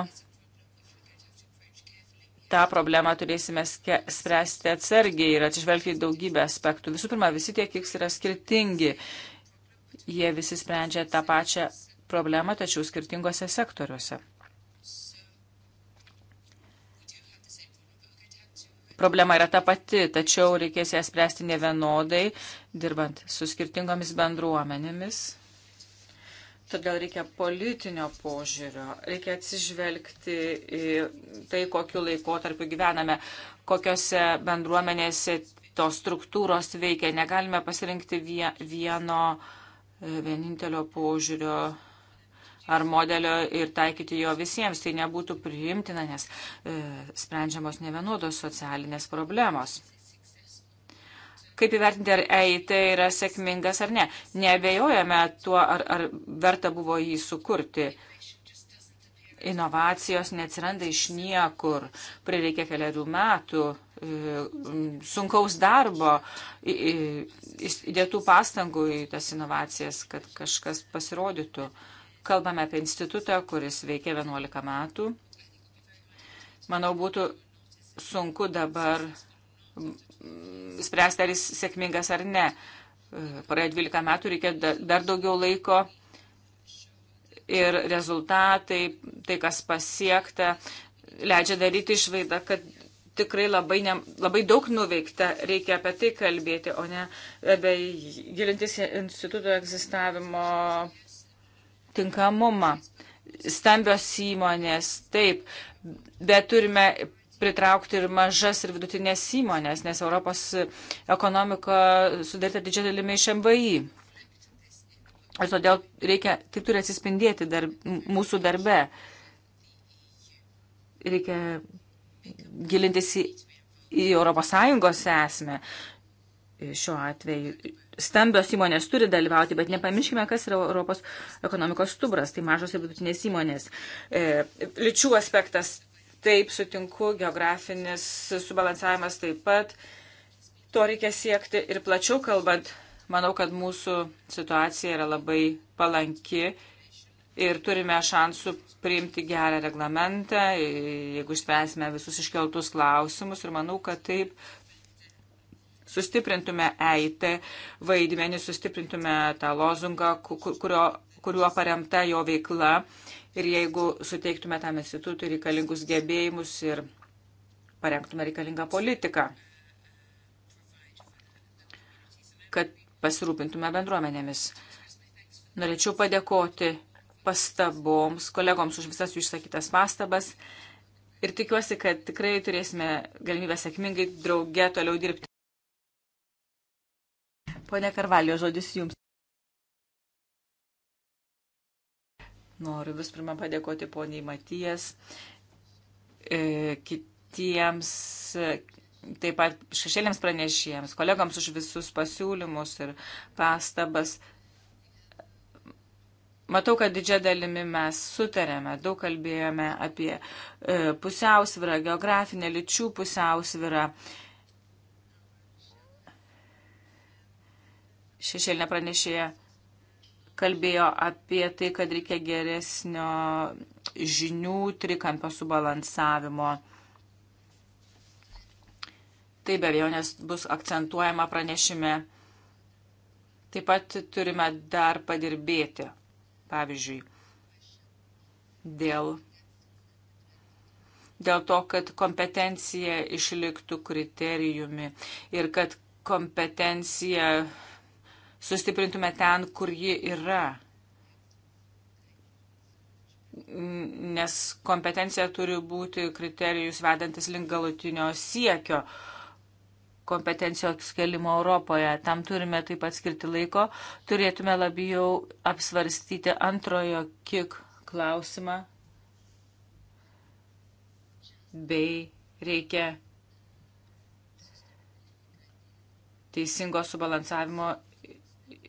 Ta problema turėsime spręsti atsargiai ir atsižvelgti daugybę aspektų. Visų pirma, visi tie kiks yra skirtingi. Jie visi sprendžia tą pačią problemą, tačiau skirtingose sektoriuose. Problema yra ta pati, tačiau reikės ją spręsti ne vienodai, dirbant su skirtingomis bendruomenėmis. Todėl reikia politinio požiūrio, reikia atsižvelgti į tai, kokiu laikotarpiu gyvename, kokiose bendruomenėse tos struktūros veikia. Negalime pasirinkti vieno e, vienintelio požiūrio ar modelio ir taikyti jo visiems. Tai nebūtų priimtina, nes e, sprendžiamos ne vienodos socialinės problemos. Kaip įvertinti, ar EIT yra sėkmingas ar ne? Nebejojame tuo, ar, ar verta buvo jį sukurti inovacijos neatsiranda iš niekur. Prireikia keliarių metų e, sunkaus darbo, įdėtų pastangų į tas inovacijas, kad kažkas pasirodytų. Uh, Kalbame apie institutą, kuris veikia 11 metų. Manau, būtų sunku dabar spręsti, ar jis sėkmingas ar ne. Praėjo 12 metų, reikia dar daugiau laiko ir rezultatai, tai kas pasiekta, leidžia daryti išvaidą, kad tikrai labai, ne, labai daug nuveikta, reikia apie tai kalbėti, o ne apie gilintis instituto egzistavimo tinkamumą. Stambios įmonės, taip, bet turime pritraukti ir mažas ir vidutinės įmonės, nes Europos ekonomika sudaryta didžiąją dalimi iš MVI. Ir todėl reikia, tai turi atsispindėti dar, mūsų darbe. Reikia gilintis į, į ES esmę šiuo atveju stambios įmonės turi dalyvauti, bet nepamirškime, kas yra Europos ekonomikos stubras, tai mažos ir vidutinės įmonės. E, lyčių aspektas, taip sutinku, geografinis subalansavimas taip pat, to reikia siekti ir plačiau kalbant, manau, kad mūsų situacija yra labai palanki ir turime šansų priimti gerą reglamentą, jeigu išspręsime visus iškeltus klausimus ir manau, kad taip sustiprintume EIT vaidmenį, sustiprintume tą lozungą, kurio, kuriuo paremta jo veikla ir jeigu suteiktume tam institutui reikalingus gebėjimus ir parengtume reikalingą politiką, kad pasirūpintume bendruomenėmis. Norėčiau padėkoti pastaboms, kolegoms už visas jų išsakytas pastabas ir tikiuosi, kad tikrai turėsime galimybę sėkmingai drauge toliau dirbti. Pone Karvalio, žodis jums. Noriu vis pirma padėkoti poniai Matijas, e, kitiems, e, taip pat šešėliams pranešėjams, kolegams už visus pasiūlymus ir pastabas. Matau, kad didžia dalimi mes sutarėme, daug kalbėjome apie e, pusiausvirą, geografinę lyčių pusiausvirą. E, šešėlinė pranešėja kalbėjo apie tai, kad reikia geresnio žinių trikampio subalansavimo. Tai be abejo, nes bus akcentuojama pranešime. Taip pat turime dar padirbėti, pavyzdžiui, dėl, dėl to, kad kompetencija išliktų kriterijumi ir kad kompetencija sustiprintume ten, kur ji yra. Nes kompetencija turi būti kriterijus vedantis link galutinio siekio kompetencijos kelimo Europoje. Tam turime taip pat skirti laiko. Turėtume labiau apsvarstyti antrojo kiek klausimą. Bei reikia teisingo subalansavimo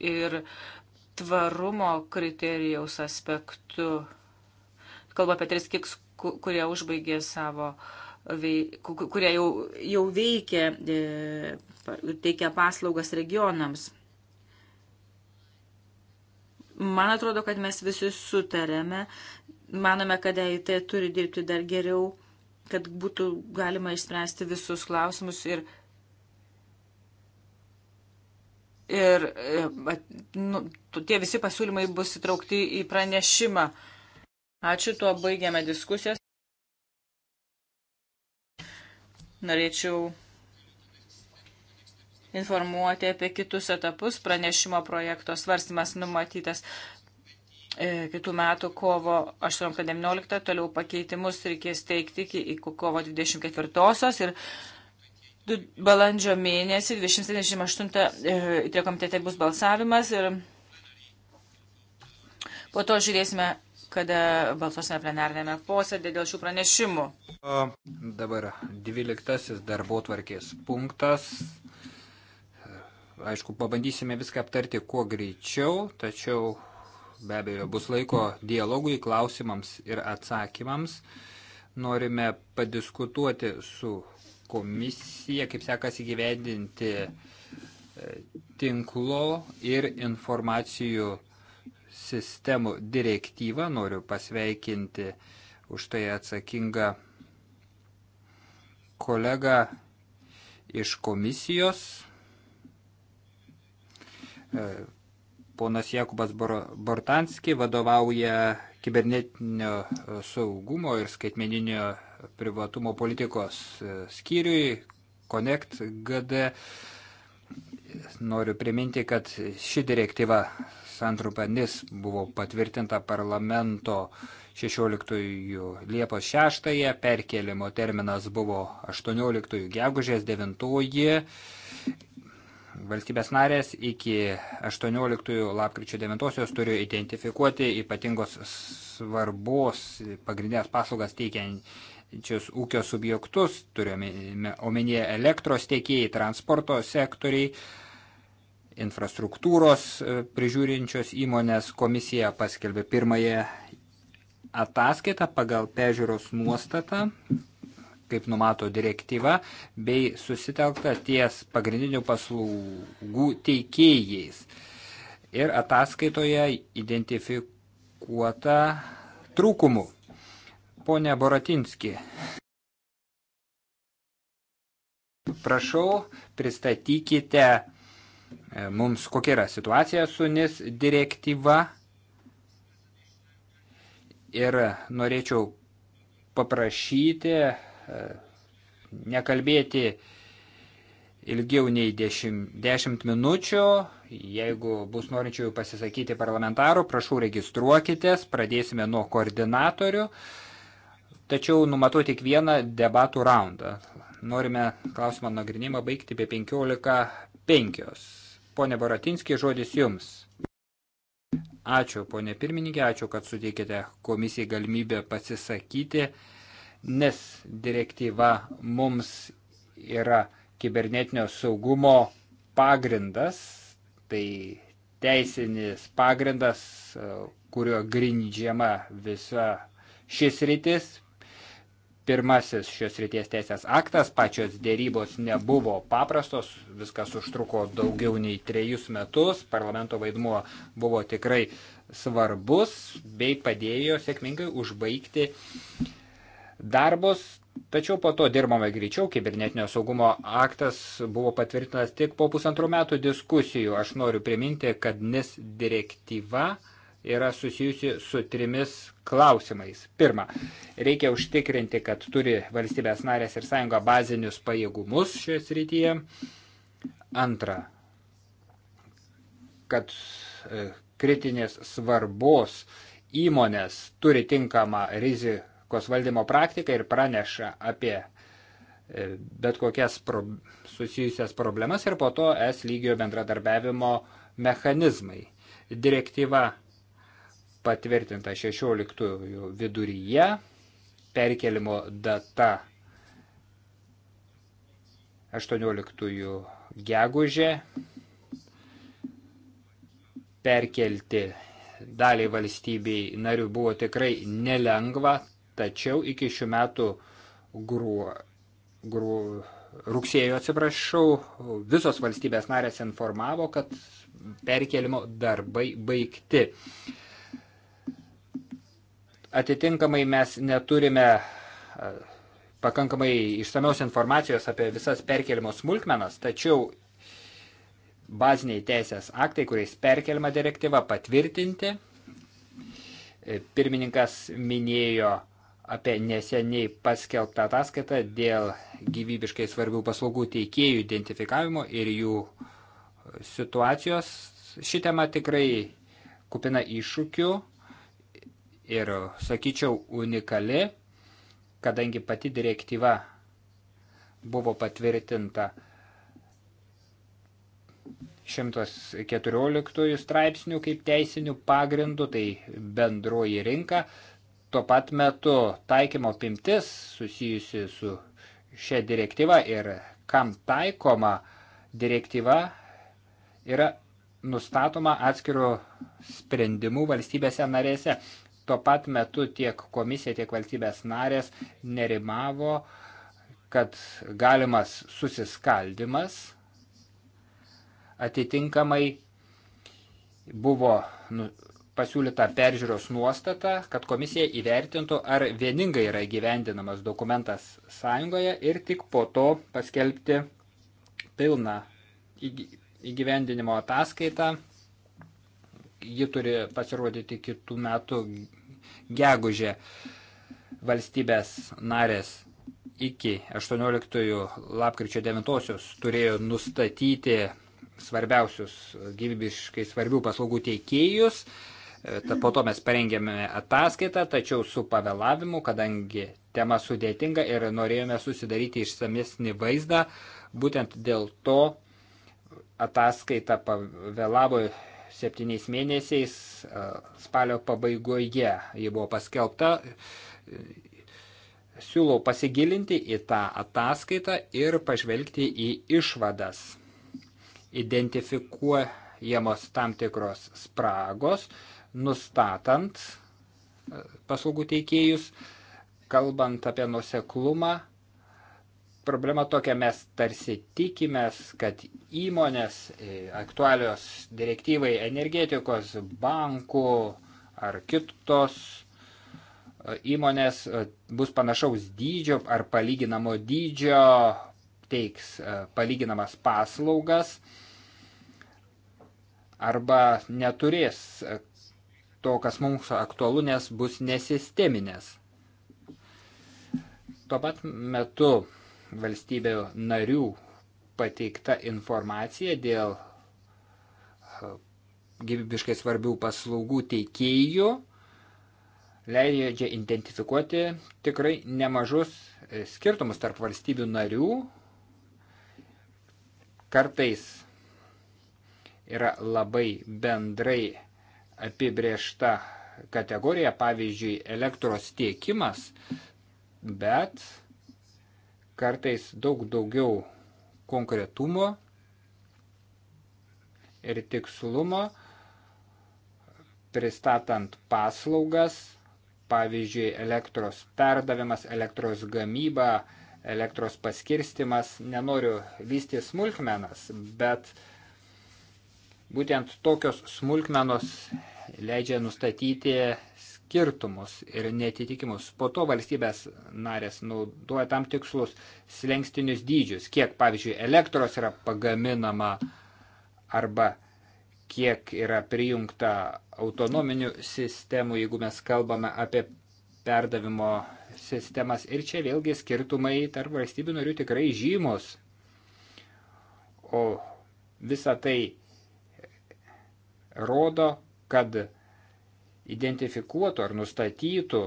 ir tvarumo kriterijaus aspektu. Kalbu apie tris kiks, kurie užbaigė savo, kurie jau, jau veikia, e, teikia paslaugas regionams. Man atrodo, kad mes visi sutarėme, manome, kad EIT turi dirbti dar geriau, kad būtų galima išspręsti visus klausimus ir ir e, nu, tie visi pasiūlymai bus įtraukti į pranešimą. Ačiū, tuo baigiame diskusijas. Norėčiau informuoti apie kitus etapus. Pranešimo projekto svarstymas numatytas e, kitų metų kovo 18-19, toliau pakeitimus reikės teikti iki kovo 24-osios ir Balandžio mėnesį 278 tie komitete bus balsavimas ir po to žiūrėsime, kada balsuosime plenarnėme posėdė dėl šių pranešimų. Dabar 12 darbo tvarkės punktas aišku, pabandysime viską aptarti kuo greičiau, tačiau be abejo bus laiko dialogui, klausimams ir atsakymams. Norime padiskutuoti su komisija, kaip sekasi gyvendinti e, tinklo ir informacijų sistemų direktyvą. Noriu pasveikinti už tai atsakingą kolegą iš komisijos. E, ponas Jakubas Bortanski vadovauja kibernetinio saugumo ir skaitmeninio privatumo politikos e, skyriui Connect GD. Noriu priminti, kad ši direktyva santrupa NIS buvo patvirtinta parlamento 16 Liepos 6, perkelimo terminas buvo 18 gegužės 9. Valstybės narės iki 18 lapkričio 9 turi identifikuoti ypatingos svarbos pagrindinės paslaugas teikiant veikiančius ūkio subjektus, turime omenyje elektros tiekėjai, transporto sektoriai, infrastruktūros e, prižiūrinčios įmonės komisija paskelbė pirmąją ataskaitą pagal pežiūros nuostatą, kaip numato direktyva, bei susitelkta ties pagrindinių paslaugų teikėjais. Ir ataskaitoje identifikuota trūkumų. Pone Boratinski, prašau, pristatykite e, mums, kokia yra situacija su NIS direktyva ir norėčiau paprašyti e, nekalbėti ilgiau nei 10, 10 minučių. Jeigu bus norinčių pasisakyti parlamentarų, prašau registruokitės, pradėsime nuo koordinatorių tačiau numatau tik vieną debatų raundą. Norime klausimą nagrinimą baigti be 15.5. Pone Baratinskiai, žodis jums. Ačiū, ponė pirmininkė, ačiū, kad suteikėte komisijai galimybę pasisakyti, nes direktyva mums yra kibernetinio saugumo pagrindas, tai teisinis pagrindas, kurio grindžiama visa šis rytis pirmasis šios ryties teisės aktas, pačios dėrybos nebuvo paprastos, viskas užtruko daugiau nei trejus metus, parlamento vaidmuo buvo tikrai svarbus bei padėjo sėkmingai užbaigti darbus, tačiau po to dirbome greičiau, kibernetinio saugumo aktas buvo patvirtintas tik po pusantrų metų diskusijų. Aš noriu priminti, kad NIS direktyva yra susijusi su trimis klausimais. Pirma, reikia užtikrinti, kad turi valstybės narės ir sąjunga bazinius pajėgumus šioje srityje. Antra, kad e, kritinės svarbos įmonės turi tinkamą rizikos valdymo praktiką ir praneša apie e, bet kokias pro, susijusias problemas ir po to es lygio bendradarbiavimo mechanizmai. Direktyva patvirtinta 16 viduryje, perkelimo data 18 gegužė, perkelti daliai valstybei narių buvo tikrai nelengva, tačiau iki šių metų gruo, gruo, rugsėjo, atsiprašau, visos valstybės narės informavo, kad perkelimo darbai baigti. Atitinkamai mes neturime pakankamai išsamios informacijos apie visas perkelimo smulkmenas, tačiau baziniai teisės aktai, kuriais perkeliama direktyva patvirtinti, e, pirmininkas minėjo apie neseniai paskelbtą ataskaitą dėl gyvybiškai svarbių paslaugų teikėjų identifikavimo ir jų situacijos. Ši tema tikrai kupina iššūkių, ir, sakyčiau, unikali, kadangi pati direktyva buvo patvirtinta 114 straipsnių kaip teisinių pagrindų, tai bendroji rinka. Tuo pat metu taikymo pimtis susijusi su šia direktyva ir kam taikoma direktyva yra nustatoma atskirų sprendimų valstybėse narėse. Tuo pat metu tiek komisija, tiek valstybės narės nerimavo, kad galimas susiskaldimas atitinkamai buvo nu, pasiūlyta peržiūros nuostata, kad komisija įvertintų, ar vieningai yra gyvendinamas dokumentas sąjungoje ir tik po to paskelbti pilną įgyvendinimo ataskaitą. Ji turi pasirodyti kitų metų gegužė valstybės narės iki 18 lapkričio 9 turėjo nustatyti svarbiausius gyvybiškai svarbių paslaugų teikėjus. E, po to mes parengėme ataskaitą, tačiau su pavėlavimu, kadangi tema sudėtinga ir norėjome susidaryti išsamesnį vaizdą, būtent dėl to ataskaita pavėlavo septyniais mėnesiais spalio pabaigoje ji buvo paskelbta. Siūlau pasigilinti į tą ataskaitą ir pažvelgti į išvadas. Identifikuojamos tam tikros spragos, nustatant paslaugų teikėjus, kalbant apie nuseklumą, problema tokia, mes tarsi tikimės, kad įmonės e, aktualios direktyvai energetikos, bankų ar kitos e, įmonės e, bus panašaus dydžio ar palyginamo dydžio, teiks palyginamas paslaugas arba neturės to, kas mums aktualu, nes bus nesisteminės. Tuo pat metu valstybių narių pateikta informacija dėl e, gyvybiškai svarbių paslaugų teikėjų leidžia identifikuoti tikrai nemažus e, skirtumus tarp valstybių narių. Kartais yra labai bendrai apibriešta kategorija, pavyzdžiui, elektros tiekimas, bet kartais daug daugiau konkretumo ir tikslumo, pristatant paslaugas, pavyzdžiui, elektros perdavimas, elektros gamyba, elektros paskirstimas. Nenoriu vysti smulkmenas, bet būtent tokios smulkmenos leidžia nustatyti skirtumus ir netitikimus. Po to valstybės narės naudoja tam tikslus slengstinius dydžius, kiek, pavyzdžiui, elektros yra pagaminama arba kiek yra prijungta autonominių sistemų, jeigu mes kalbame apie perdavimo sistemas. Ir čia vėlgi skirtumai tarp valstybių narių tikrai žymus. O visa tai rodo, kad identifikuotų ar nustatytų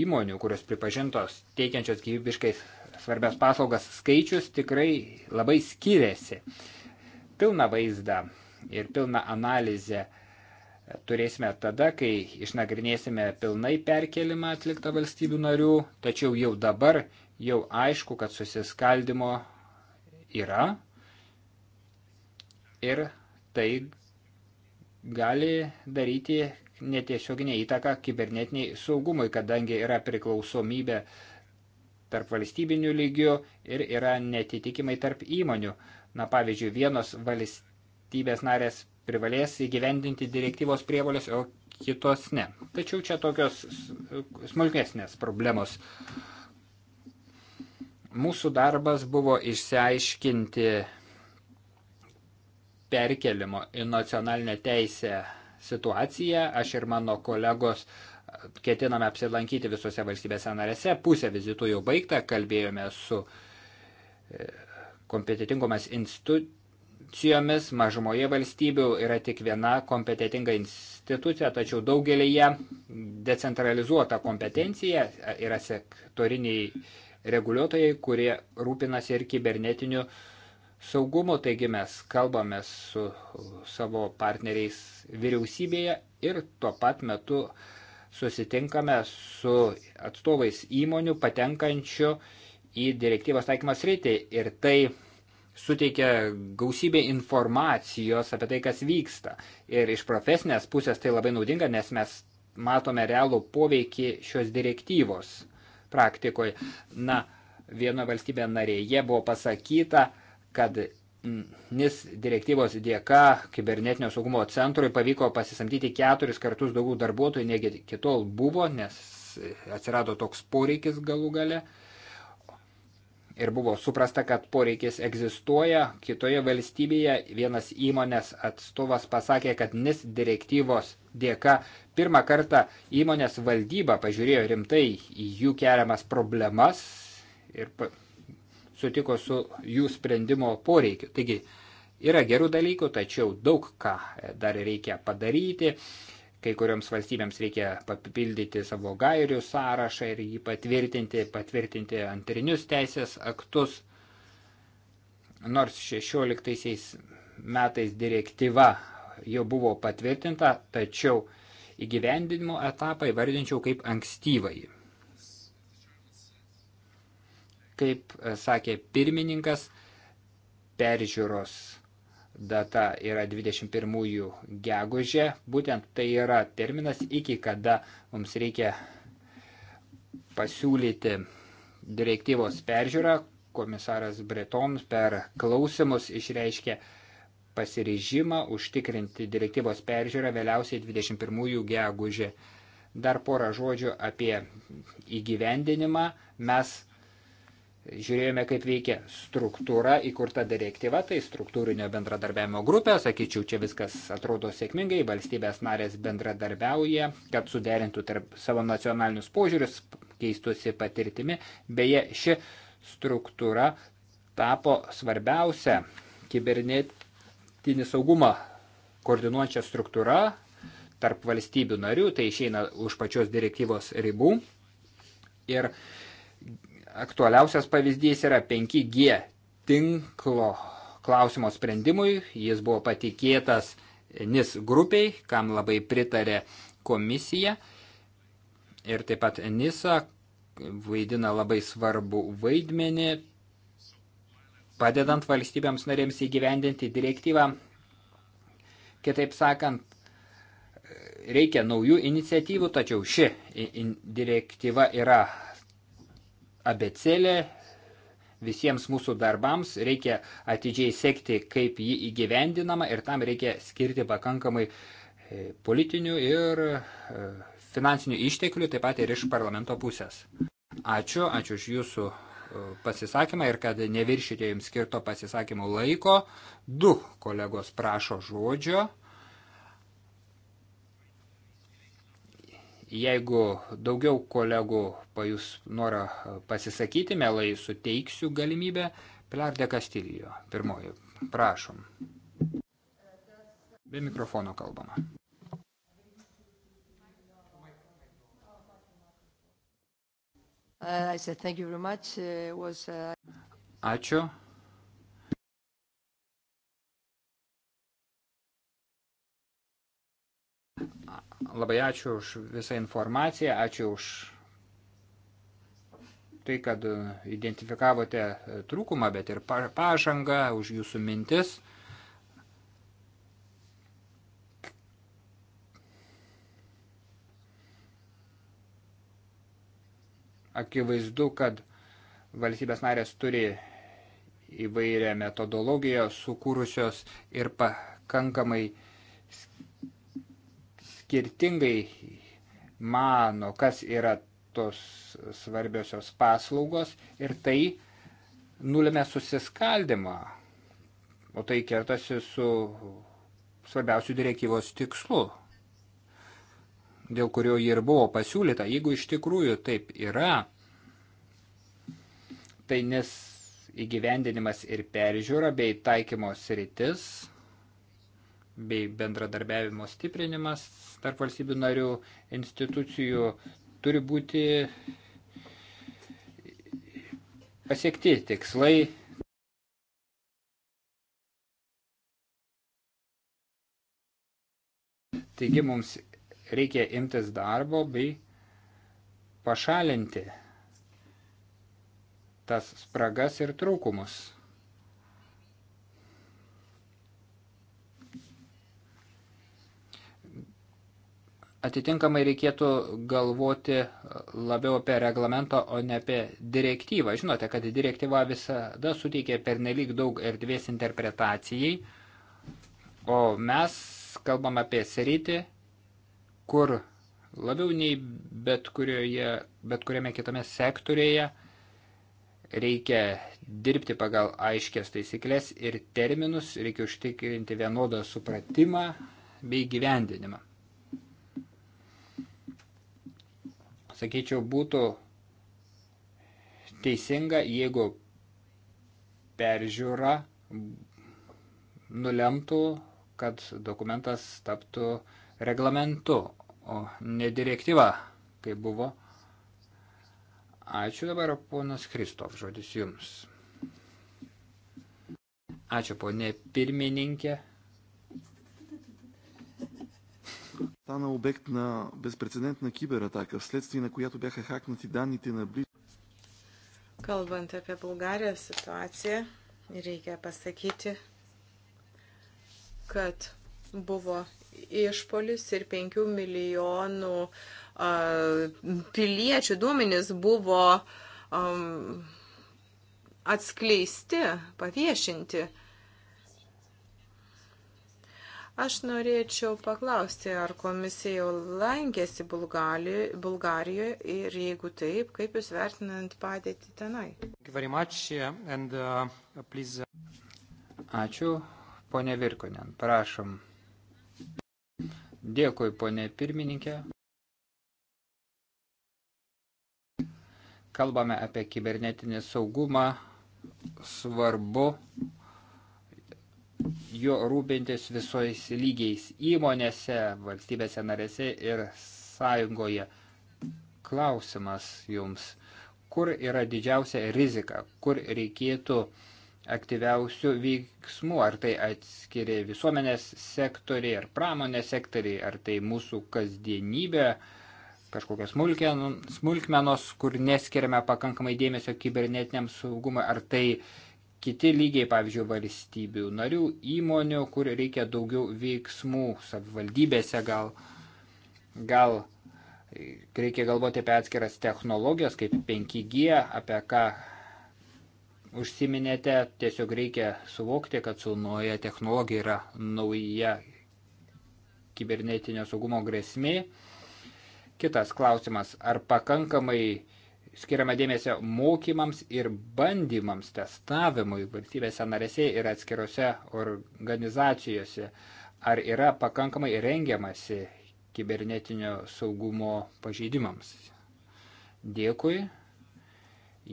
įmonių, kurios pripažintos teikiančios gyvybiškai svarbias paslaugas skaičius tikrai labai skiriasi. Pilną vaizdą ir pilną analizę turėsime tada, kai išnagrinėsime pilnai perkelimą atliktą valstybių narių, tačiau jau dabar jau aišku, kad susiskaldimo yra ir tai gali daryti netiesioginė įtaka kibernetiniai saugumui, kadangi yra priklausomybė tarp valstybinių lygių ir yra netitikimai tarp įmonių. Na pavyzdžiui, vienos valstybės narės privalės įgyvendinti direktyvos prievolės, o kitos ne. Tačiau čia tokios smulkesnės problemos. Mūsų darbas buvo išsiaiškinti perkelimo į nacionalinę teisę situaciją. Aš ir mano kolegos e, ketiname apsilankyti visose valstybėse narėse. Pusę vizitų jau baigta, kalbėjome su e, kompetitingumas institucijomis. Mažumoje valstybių yra tik viena kompetitinga institucija, tačiau daugelėje decentralizuota kompetencija yra sektoriniai reguliuotojai, kurie rūpinasi ir kibernetiniu uh, saugumu, taigi mes kalbame su savo partneriais vyriausybėje ir tuo pat metu susitinkame su atstovais įmonių patenkančių į direktyvos taikymas rytį ir tai suteikia gausybę informacijos apie tai, kas vyksta. Ir iš profesinės pusės tai labai naudinga, nes mes matome realų poveikį šios direktyvos praktikoje. Na, vieno valstybė narėje buvo pasakyta, kad NIS direktyvos dėka kibernetinio saugumo centrui pavyko pasisamdyti keturis kartus daugiau darbuotojų, negi kitol buvo, nes atsirado toks poreikis galų gale. Ir buvo suprasta, kad poreikis egzistuoja. Kitoje valstybėje vienas įmonės atstovas pasakė, kad NIS direktyvos dėka pirmą kartą įmonės valdyba pažiūrėjo rimtai į jų keliamas problemas ir sutiko su jų sprendimo poreikiu. Taigi yra gerų dalykų, tačiau daug ką dar reikia padaryti. Kai kurioms valstybėms reikia papildyti savo gairių sąrašą ir jį patvirtinti, patvirtinti antrinius teisės aktus. Nors 16 metais direktyva jau buvo patvirtinta, tačiau įgyvendinimo etapą įvardinčiau kaip ankstyvąjį. Kaip e, sakė pirmininkas, peržiūros data yra 21 gegužė. Būtent tai yra terminas, iki kada mums reikia pasiūlyti direktyvos peržiūrą. Komisaras Breton per klausimus išreiškė pasirežimą užtikrinti direktyvos peržiūrą vėliausiai 21 gegužė. Dar porą žodžių apie įgyvendinimą. Mes žiūrėjome, kaip veikia struktūra įkurta direktyva, tai struktūrinio bendradarbiavimo grupė, sakyčiau, čia viskas atrodo sėkmingai, valstybės narės bendradarbiauja, kad suderintų tarp savo nacionalinius požiūrius, keistusi patirtimi. Beje, ši struktūra tapo svarbiausia kibernetinį saugumą koordinuojančia struktūra tarp valstybių narių, tai išeina už pačios direktyvos ribų. Ir uh, aktualiausias pavyzdys yra 5G tinklo klausimo sprendimui. Jis buvo patikėtas NIS grupiai, kam labai pritarė komisija. Ir taip pat NISA vaidina labai svarbu vaidmenį, padedant valstybėms narėms įgyvendinti direktyvą. Kitaip sakant, reikia naujų iniciatyvų, tačiau ši direktyva yra abecelė visiems mūsų darbams, reikia atidžiai sekti, kaip ji įgyvendinama ir tam reikia skirti pakankamai e, politinių ir e, finansinių išteklių, taip pat ir iš parlamento pusės. Ačiū, ačiū už jūsų e, pasisakymą ir kad neviršite jums skirto pasisakymų laiko. Du kolegos prašo žodžio. Jeigu daugiau kolegų pajus norą pasisakyti, melai suteiksiu galimybę. Pilar de Castillo, pirmoji, prašom. Be mikrofono kalbama. Uh, uh, uh, Ačiū. Labai ačiū už visą informaciją, ačiū už tai, kad e, identifikavote e, trūkumą, bet ir pažangą, už jūsų mintis. Akivaizdu, kad valstybės narės turi įvairią metodologiją sukūrusios ir pakankamai skirtingai mano, kas yra tos svarbiosios paslaugos ir tai nulėmė susiskaldimą, o tai kertasi su svarbiausių direktyvos tikslu, dėl kurio ji ir buvo pasiūlyta. Jeigu iš tikrųjų taip yra, tai nes įgyvendinimas ir peržiūra bei taikymos rytis bei bendradarbiavimo stiprinimas tarp valstybių narių institucijų turi būti pasiekti tikslai. Taigi mums reikia imtis darbo bei pašalinti tas spragas ir trūkumus. Atitinkamai reikėtų galvoti labiau apie reglamentą, o ne apie direktyvą. Žinote, kad direktyva visada suteikia pernelyg daug erdvės interpretacijai, o mes kalbam apie sritį, kur labiau nei bet, kurioje, bet kuriame kitame sektorėje reikia dirbti pagal aiškias taisyklės ir terminus, reikia užtikrinti vienodą supratimą bei gyvendinimą. sakyčiau, būtų teisinga, jeigu peržiūra nulemtų, kad dokumentas taptų reglamentu, o ne direktyva, kaip buvo. Ačiū dabar, ponas Kristof, žodis jums. Ačiū, ponė pirmininkė. стана обект на безпредседентна кибератака, вследствие на която бяха хакнати данните на близо. Kalbant apie Bulgarijos situaciją, reikia pasakyti, kad buvo išpolis ir 5 milijonų a, piliečių duomenys buvo a, atskleisti, paviešinti. A, Aš norėčiau paklausti, ar komisija jau lankėsi Bulgarijoje ir jeigu taip, kaip jūs vertinant padėtį tenai? And, uh, please... Uh, Ačiū, ponė Virkonen, prašom. Dėkui, ponė pirmininkė. Kalbame apie kibernetinį saugumą. Svarbu jo rūpintis visais lygiais įmonėse, valstybėse narėse ir sąjungoje. Klausimas jums, kur yra didžiausia rizika, kur reikėtų aktyviausių veiksmų, ar tai atskiri visuomenės sektoriai ar pramonės sektoriai, ar tai mūsų kasdienybė, kažkokios smulkmenos, kur neskiriame pakankamai dėmesio kibernetiniam saugumui, ar tai uh, kiti lygiai, pavyzdžiui, valstybių narių įmonių, kur reikia daugiau veiksmų savivaldybėse gal. Gal reikia galvoti apie atskiras technologijas, kaip 5G, apie ką užsiminėte, tiesiog reikia suvokti, kad su nauja technologija yra nauja kibernetinio saugumo grėsmė. Kitas klausimas, ar pakankamai skiriama dėmesio mokymams ir bandymams, testavimui valstybėse narėse ir atskirose organizacijose. Ar yra pakankamai rengiamasi kibernetinio saugumo pažeidimams? Dėkui.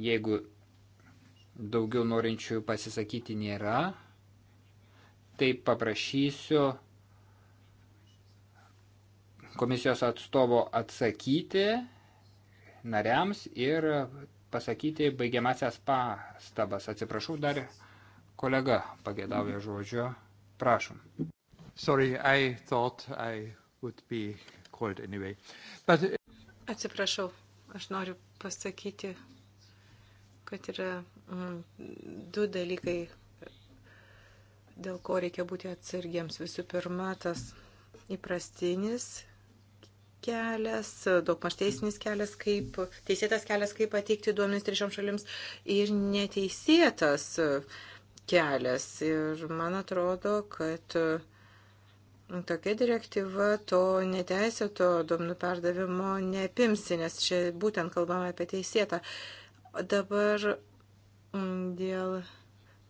Jeigu daugiau norinčių pasisakyti nėra, tai paprašysiu komisijos atstovo atsakyti nariams ir pasakyti baigiamasias pastabas. Atsiprašau, dar kolega pagėdavė mhm. žodžio. Prašom. Sorry, I thought I would be called anyway. But... Uh, Atsiprašau, aš noriu pasakyti, kad yra mm, du dalykai, dėl ko reikia būti atsargiems. Visų pirma, tas įprastinis kelias, daugmaž teisinis kelias, kaip teisėtas kelias, kaip pateikti duomenis trečioms šalims ir neteisėtas kelias. Ir man atrodo, kad mm, tokia direktyva to neteisėto duomenų perdavimo neapimsi, nes čia būtent kalbame apie teisėtą. Dabar mm, dėl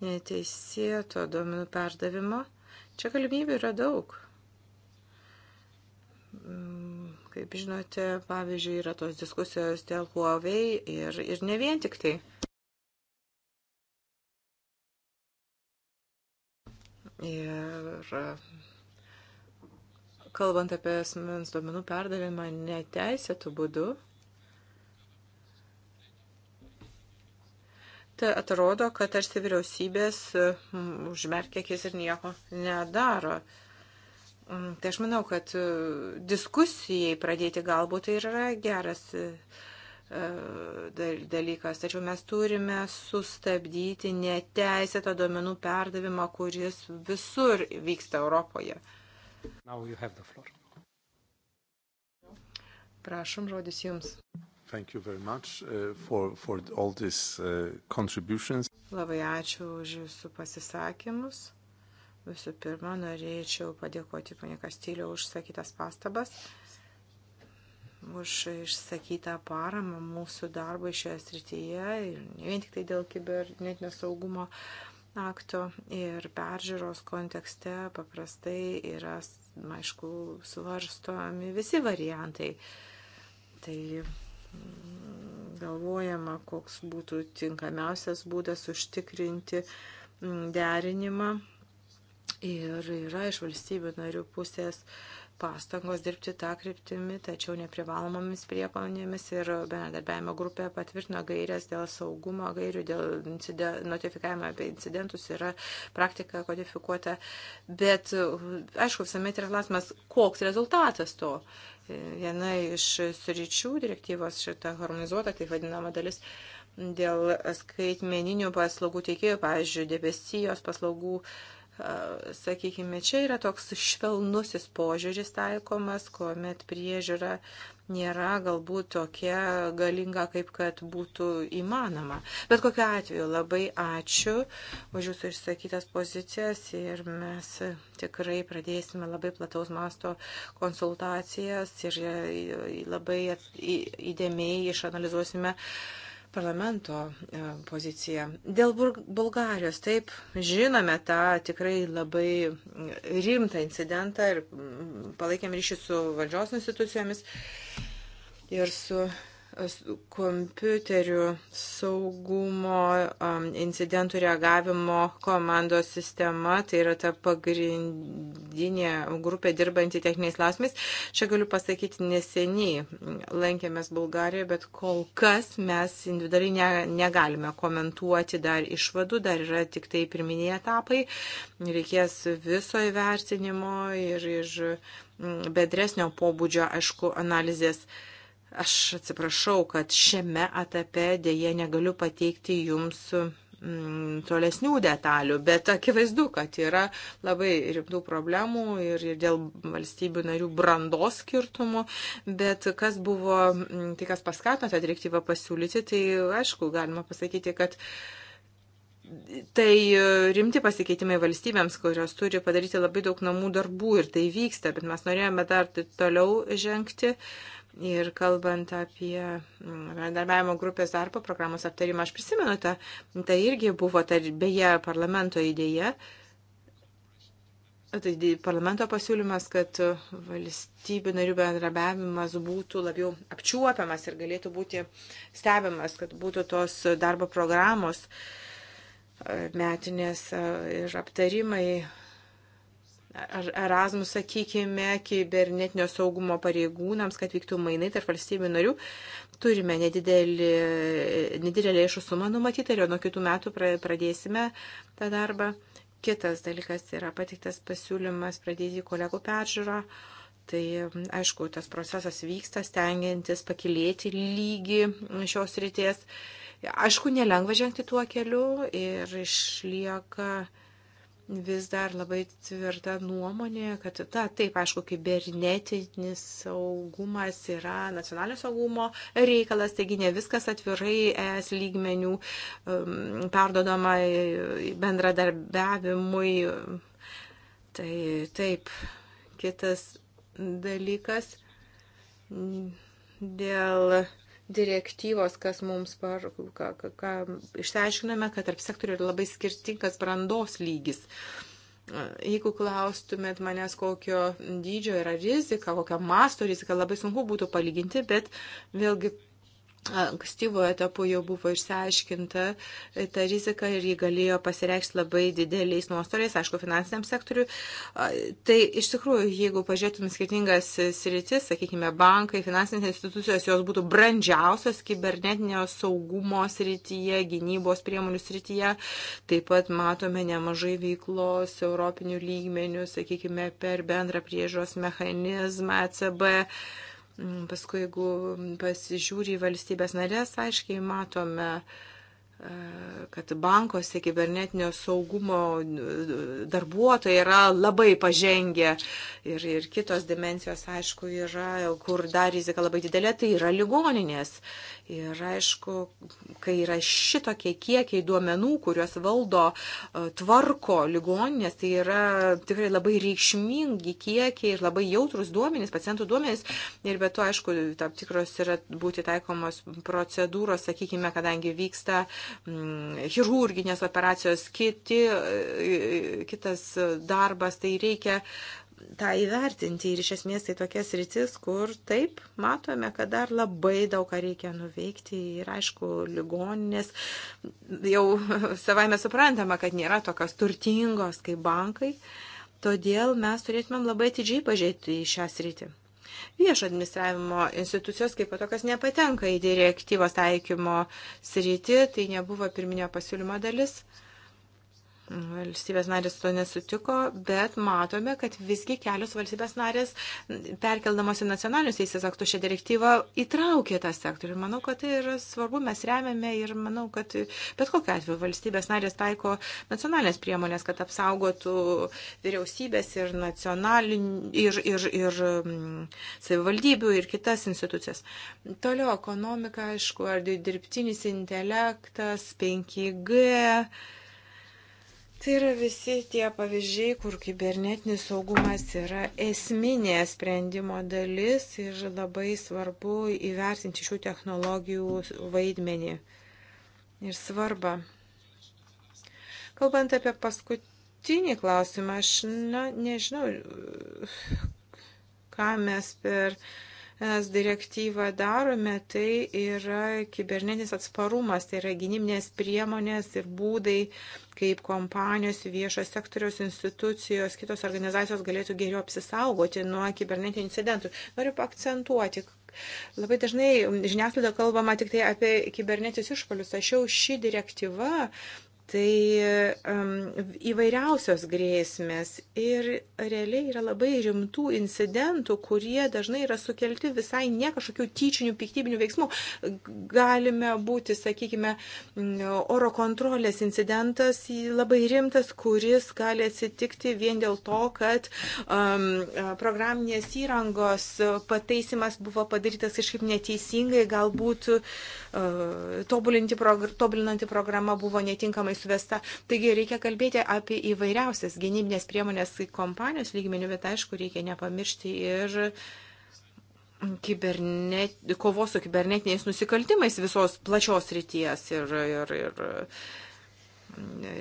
neteisėto duomenų perdavimo čia galimybių yra daug mm, Kaip žinote, pavyzdžiui, yra tos diskusijos dėl Huawei ir, ir ne vien tik tai. Ir kalbant apie asmens duomenų perdavimą neteisėtų būdų, tai atrodo, kad tarsi vyriausybės užmerkia akis ir nieko nedaro. Uh, Mm, tai aš manau, kad e, diskusijai pradėti galbūt tai yra geras e, dalykas, tačiau mes turime sustabdyti neteisėtą duomenų perdavimą, kuris visur vyksta Europoje. Prašom, žodis Jums. Thank you very much uh, for, for all these uh, contributions. Labai ačiū už Jūsų pasisakymus. Visų pirma, norėčiau padėkoti ponė Kastilio už sakytas pastabas, už išsakytą paramą mūsų darbui šioje srityje ir ne vien tik tai dėl kibernetinio saugumo akto ir peržiūros kontekste paprastai yra, aišku, svarstomi visi variantai. Tai mm, galvojama, koks būtų tinkamiausias būdas užtikrinti mm, derinimą Ir yra iš valstybių narių pusės pastangos dirbti tą kryptimį, tačiau neprivalomomis priemonėmis ir bendradarbiavimo grupė patvirtino gairias dėl saugumo gairių, dėl notifikavimo apie incidentus yra praktika kodifikuota. Bet, aišku, visuomet yra klausimas, koks rezultatas to. Viena iš sričių direktyvos šita harmonizuota, tai vadinama dalis dėl skaitmeninių paslaugų teikėjų, pavyzdžiui, debesijos paslaugų. Uh, sakykime, čia yra toks švelnusis požiūris taikomas, kuomet priežiūra nėra galbūt tokia galinga, kaip kad būtų įmanoma. Bet kokiu atveju labai ačiū už jūsų išsakytas pozicijas ir mes tikrai pradėsime labai plataus masto konsultacijas ir e, labai įdėmiai išanalizuosime uh, parlamento e, poziciją. Dėl Bulgarijos, taip, žinome tą tikrai labai rimtą incidentą ir palaikėm ryšį su valdžios institucijomis ir su kompiuterių saugumo incidentų reagavimo komandos sistema, tai yra ta pagrindinė grupė dirbanti techniniais klausimais. Čia galiu pasakyti, neseniai lankėmės Bulgarijoje, bet kol kas mes individualiai ne, negalime komentuoti dar išvadų, dar yra tik tai pirminiai etapai, reikės viso įvertinimo ir, ir bedresnio pobūdžio, aišku, analizės. Uh, Aš atsiprašau, kad šiame etape dėje negaliu pateikti jums mm, tolesnių detalių, bet akivaizdu, kad yra labai rimtų problemų ir dėl valstybių narių brandos skirtumų, bet kas buvo, mm, tai kas paskatino tą direktyvą pasiūlyti, tai aišku, galima pasakyti, kad Tai rimti pasikeitimai valstybėms, kurios turi padaryti labai daug namų darbų ir tai vyksta, bet mes norėjome dar toliau žengti. Uh, Ir kalbant apie mm, bendarbiavimo grupės darbo programos aptarimą, aš prisimenu, ta, ta irgi buvo, ta, beje, parlamento idėja, tai parlamento pasiūlymas, kad valstybių narių bendrabiavimas būtų labiau apčiuopiamas ir galėtų būti stebimas, kad būtų tos darbo programos e, metinės e, ir aptarimai Erasmus, sakykime, kibernetinio saugumo pareigūnams, kad vyktų mainai tarp valstybių narių. Turime nedidelį, nedidelį lėšų sumą numatytą ir jau nuo kitų metų pradėsime tą darbą. Kitas dalykas yra patiktas pasiūlymas pradėti kolegų peržiūrą. Tai aišku, tas procesas vyksta, stengiantis pakilėti lygį šios ryties. Aišku, nelengva žengti tuo keliu ir išlieka vis dar labai tvirta nuomonė, kad ta, taip, aišku, kibernetinis saugumas yra nacionalinio saugumo reikalas, taigi ne viskas atvirai es lygmenių um, perdodama bendradarbiavimui. Tai taip, kitas dalykas dėl direktyvos, kas mums par, ką, ką, ką išsiaiškiname, kad tarp sektorių yra labai skirtingas brandos lygis. Jeigu klaustumėt manęs, kokio dydžio yra rizika, kokią masto rizika, labai sunku būtų palyginti, bet vėlgi ankstyvojo etapu jau buvo išsiaiškinta ta rizika ir ji galėjo pasireikšti labai dideliais nuostoliais, aišku, finansiniam sektoriu. Tai iš tikrųjų, jeigu pažiūrėtume skirtingas sritis, sakykime, bankai, finansinės institucijos, jos būtų brandžiausios kibernetinio saugumo srityje, gynybos priemonių srityje. Taip pat matome nemažai veiklos europinių lygmenių, sakykime, per bendrą priežos mechanizmą ECB Paskui, jeigu pasižiūri į valstybės narės, aiškiai matome, e, kad bankose kibernetinio saugumo e, darbuotojai yra labai pažengę ir, ir kitos dimensijos, aišku, yra, kur dar rizika labai didelė, tai yra ligoninės. Ir aišku, kai yra šitokie kiekiai duomenų, kuriuos valdo, e, tvarko ligoninės, tai yra tikrai labai reikšmingi kiekiai ir labai jautrus duomenys, pacientų duomenys. Ir be to, aišku, tam tikros yra būti taikomos procedūros, sakykime, kadangi vyksta mm, chirurginės operacijos, kiti, e, e, kitas darbas, tai reikia tą įvertinti ir iš esmės tai tokias rytis, kur taip matome, kad dar labai daug ką reikia nuveikti ir aišku, ligoninės jau savai mes suprantama, kad nėra tokios turtingos kaip bankai, todėl mes turėtumėm labai atidžiai pažiūrėti į šią sritį viešo administravimo institucijos kaip tokios nepatenka į direktyvos taikymo sritį, tai nebuvo pirminio pasiūlymo dalis. Valstybės narės to nesutiko, bet matome, kad visgi kelios valstybės narės, perkeldamos į nacionalinius teisės aktus šią direktyvą, įtraukė tą sektorių. Ir manau, kad tai yra svarbu, mes remiame ir manau, kad bet kokiu atveju valstybės narės taiko nacionalinės priemonės, kad apsaugotų vyriausybės ir, ir, ir, ir mm, savivaldybių ir kitas institucijas. Toliau ekonomika, aišku, ar dirbtinis intelektas, 5G Tai yra visi tie pavyzdžiai, kur kibernetinis saugumas yra esminė sprendimo dalis ir labai svarbu įvertinti šių technologijų vaidmenį ir svarbą. Kalbant apie paskutinį klausimą, aš na, nežinau, ką mes per uh, ES direktyvą darome, tai yra kibernetinis atsparumas, tai yra gynybinės priemonės ir būdai, kaip kompanijos, viešo sektoriaus institucijos, kitos organizacijos galėtų geriau apsisaugoti nuo kibernetinių incidentų. Noriu akcentuoti, Labai dažnai žiniasklaida kalbama tik tai apie kibernetinius išpolius, tačiau ši direktyva tai um, įvairiausios grėsmės ir realiai yra labai rimtų incidentų, kurie dažnai yra sukelti visai ne kažkokių tyčinių, piktybinių veiksmų. Galime būti, sakykime, oro kontrolės incidentas labai rimtas, kuris gali atsitikti vien dėl to, kad um, programinės įrangos pataisimas buvo padarytas kažkaip neteisingai, galbūt uh, tobulinti progr tobulinanti programa buvo netinkamai suvesta. Taigi reikia kalbėti apie įvairiausias gynybinės priemonės kompanijos lygmenių, bet aišku, reikia nepamiršti ir kibernet, kovos su kibernetiniais nusikaltimais visos plačios ryties ir, ir, ir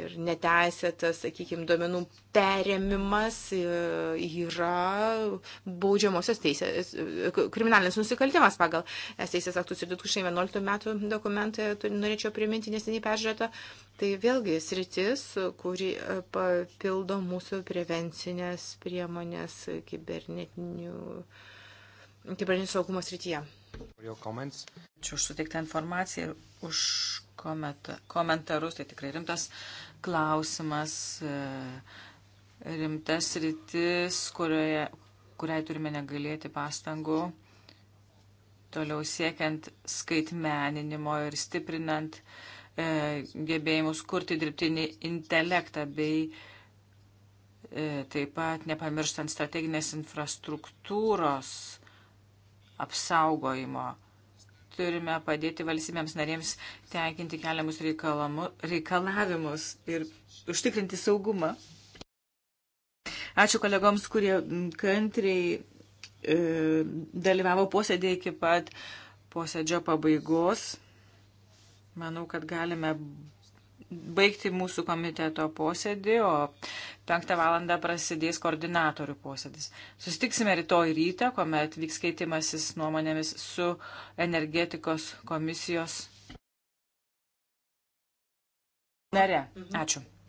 ir neteisėtas, sakykime, duomenų perėmimas e, yra baudžiamosios teisės, e, kriminalinis nusikaltimas pagal es teisės aktus ir 2011 metų dokumentą e, norėčiau priminti neseniai peržiūrėtą. Tai vėlgi sritis, kuri papildo mūsų prevencinės priemonės kibernetinių, kibernetinio saugumo srityje. Ačiū už suteiktą informaciją ir už komentarus. Tai tikrai rimtas klausimas, e, rimtas rytis, kurioje, kuriai turime negalėti pastangų. Toliau siekiant skaitmeninimo ir stiprinant e, gebėjimus kurti dirbtinį intelektą bei e, taip pat nepamirštant strateginės infrastruktūros apsaugojimo turime padėti valstybėms narėms tenkinti keliamus reikalavimus ir užtikrinti saugumą. Ačiū kolegoms, kurie kantriai e, dalyvavo posėdėje iki pat posėdžio pabaigos. Manau, kad galime baigti mūsų komiteto posėdį, o penktą valandą prasidės koordinatorių posėdis. Susitiksime rytoj rytą, kuomet vyks keitimasis nuomonėmis su energetikos komisijos nare. Mhm. Ačiū.